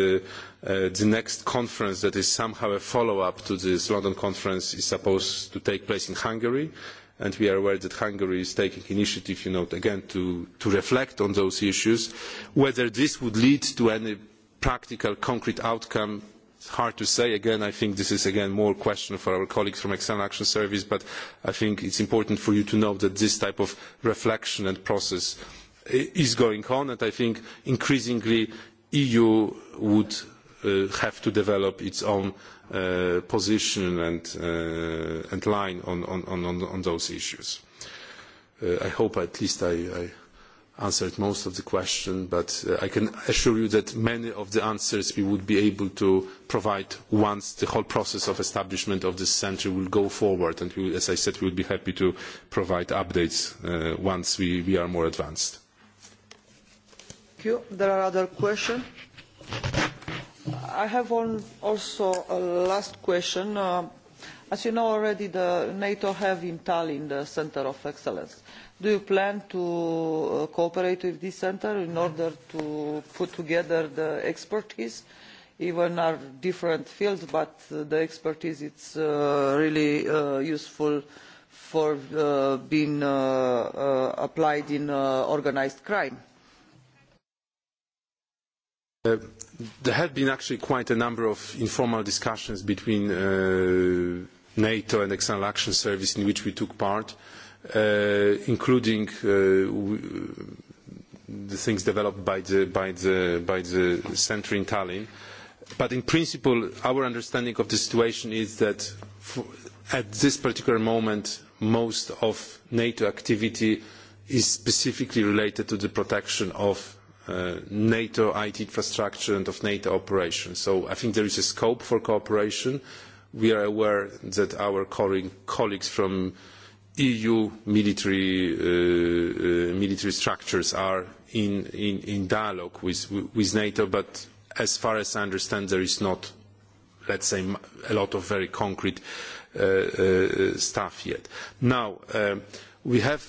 uh, the next conference that is somehow a follow-up to this London conference is supposed to take place in Hungary and we are aware that Hungary is taking initiative, you know, again to, to reflect on those issues. Whether this would lead to any practical, concrete outcome It's hard to say. Again, I think this is again more a question for our colleagues from External Action Service, but I think it's important for you to know that this type of reflection and process is going on, and I think increasingly EU would uh, have to develop its own uh, position and, uh, and line on, on, on, on those issues. Uh, I hope at least I, I answered most of the question, but uh, I can assure you that many of the answers we would be able to provide once the whole process of establishment of this center will go forward. And we, as I said, we would be happy to provide updates uh, once we, we are more advanced. Thank you. There are other questions? I have on also a last question. Uh, as you know already, the NATO have in Tallinn the Center of Excellence do you plan to uh, cooperate with this centre in order to put together the expertise even our different fields but uh, the expertise is uh, really uh, useful for uh, being uh, applied in organised crime? there have been actually quite a number of informal discussions between nato and the external action service in which we took part. Uh, uh, including uh, the things developed by the, by, the, by the center in Tallinn. But in principle, our understanding of the situation is that for, at this particular moment, most of NATO activity is specifically related to the protection of uh, NATO IT infrastructure and of NATO operations. So I think there is a scope for cooperation. We are aware that our colleague, colleagues from uh, EU military, uh, uh, military structures are in, in, in dialogue with, with NATO, but as far as I understand, there is not, let's say, a lot of very concrete uh, uh, stuff yet. Now, uh, we have,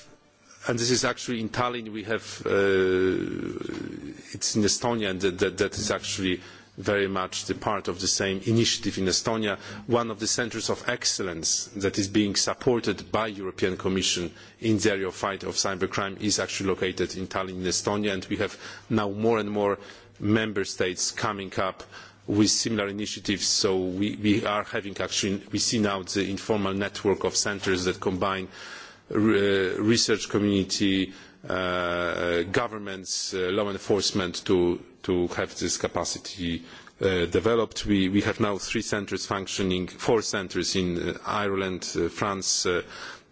and this is actually in Tallinn, we have, uh, it's in Estonia, and that, that, that is actually uh, very much the part of the same initiative in Estonia, one of the centres of excellence that is being supported by European Commission in the area of fight of cybercrime is actually located in Tallinn in Estonia and we have now more and more member states coming up with similar initiatives so we, we are having actually we see now the informal network of centres that combine uh, research community uh, Uh, uh, governments, uh, law enforcement to, to have this capacity uh, developed. We, we have now three centres functioning, four centres in uh, Ireland, uh, France, uh,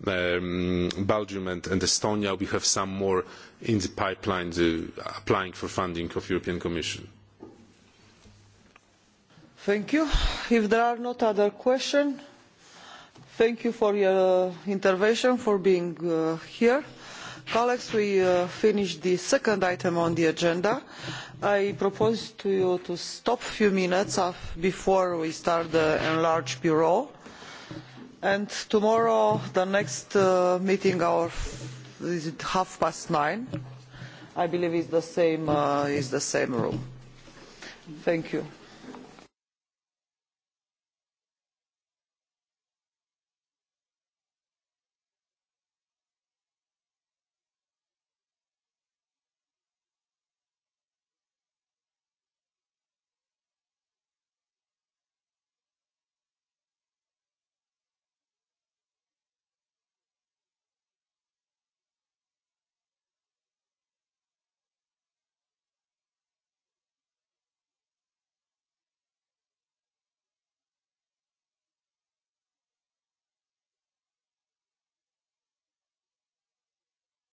um, Belgium and, and Estonia. We have some more in the pipeline uh, applying for funding of European Commission. Thank you. If there are no other questions, thank you for your uh, intervention, for being uh, here colleagues we uh, finished the second item on the agenda. i propose to you to stop a few minutes of, before we start the enlarged bureau and tomorrow the next uh, meeting hour is at half past nine i believe is the same uh, is the same room. thank you.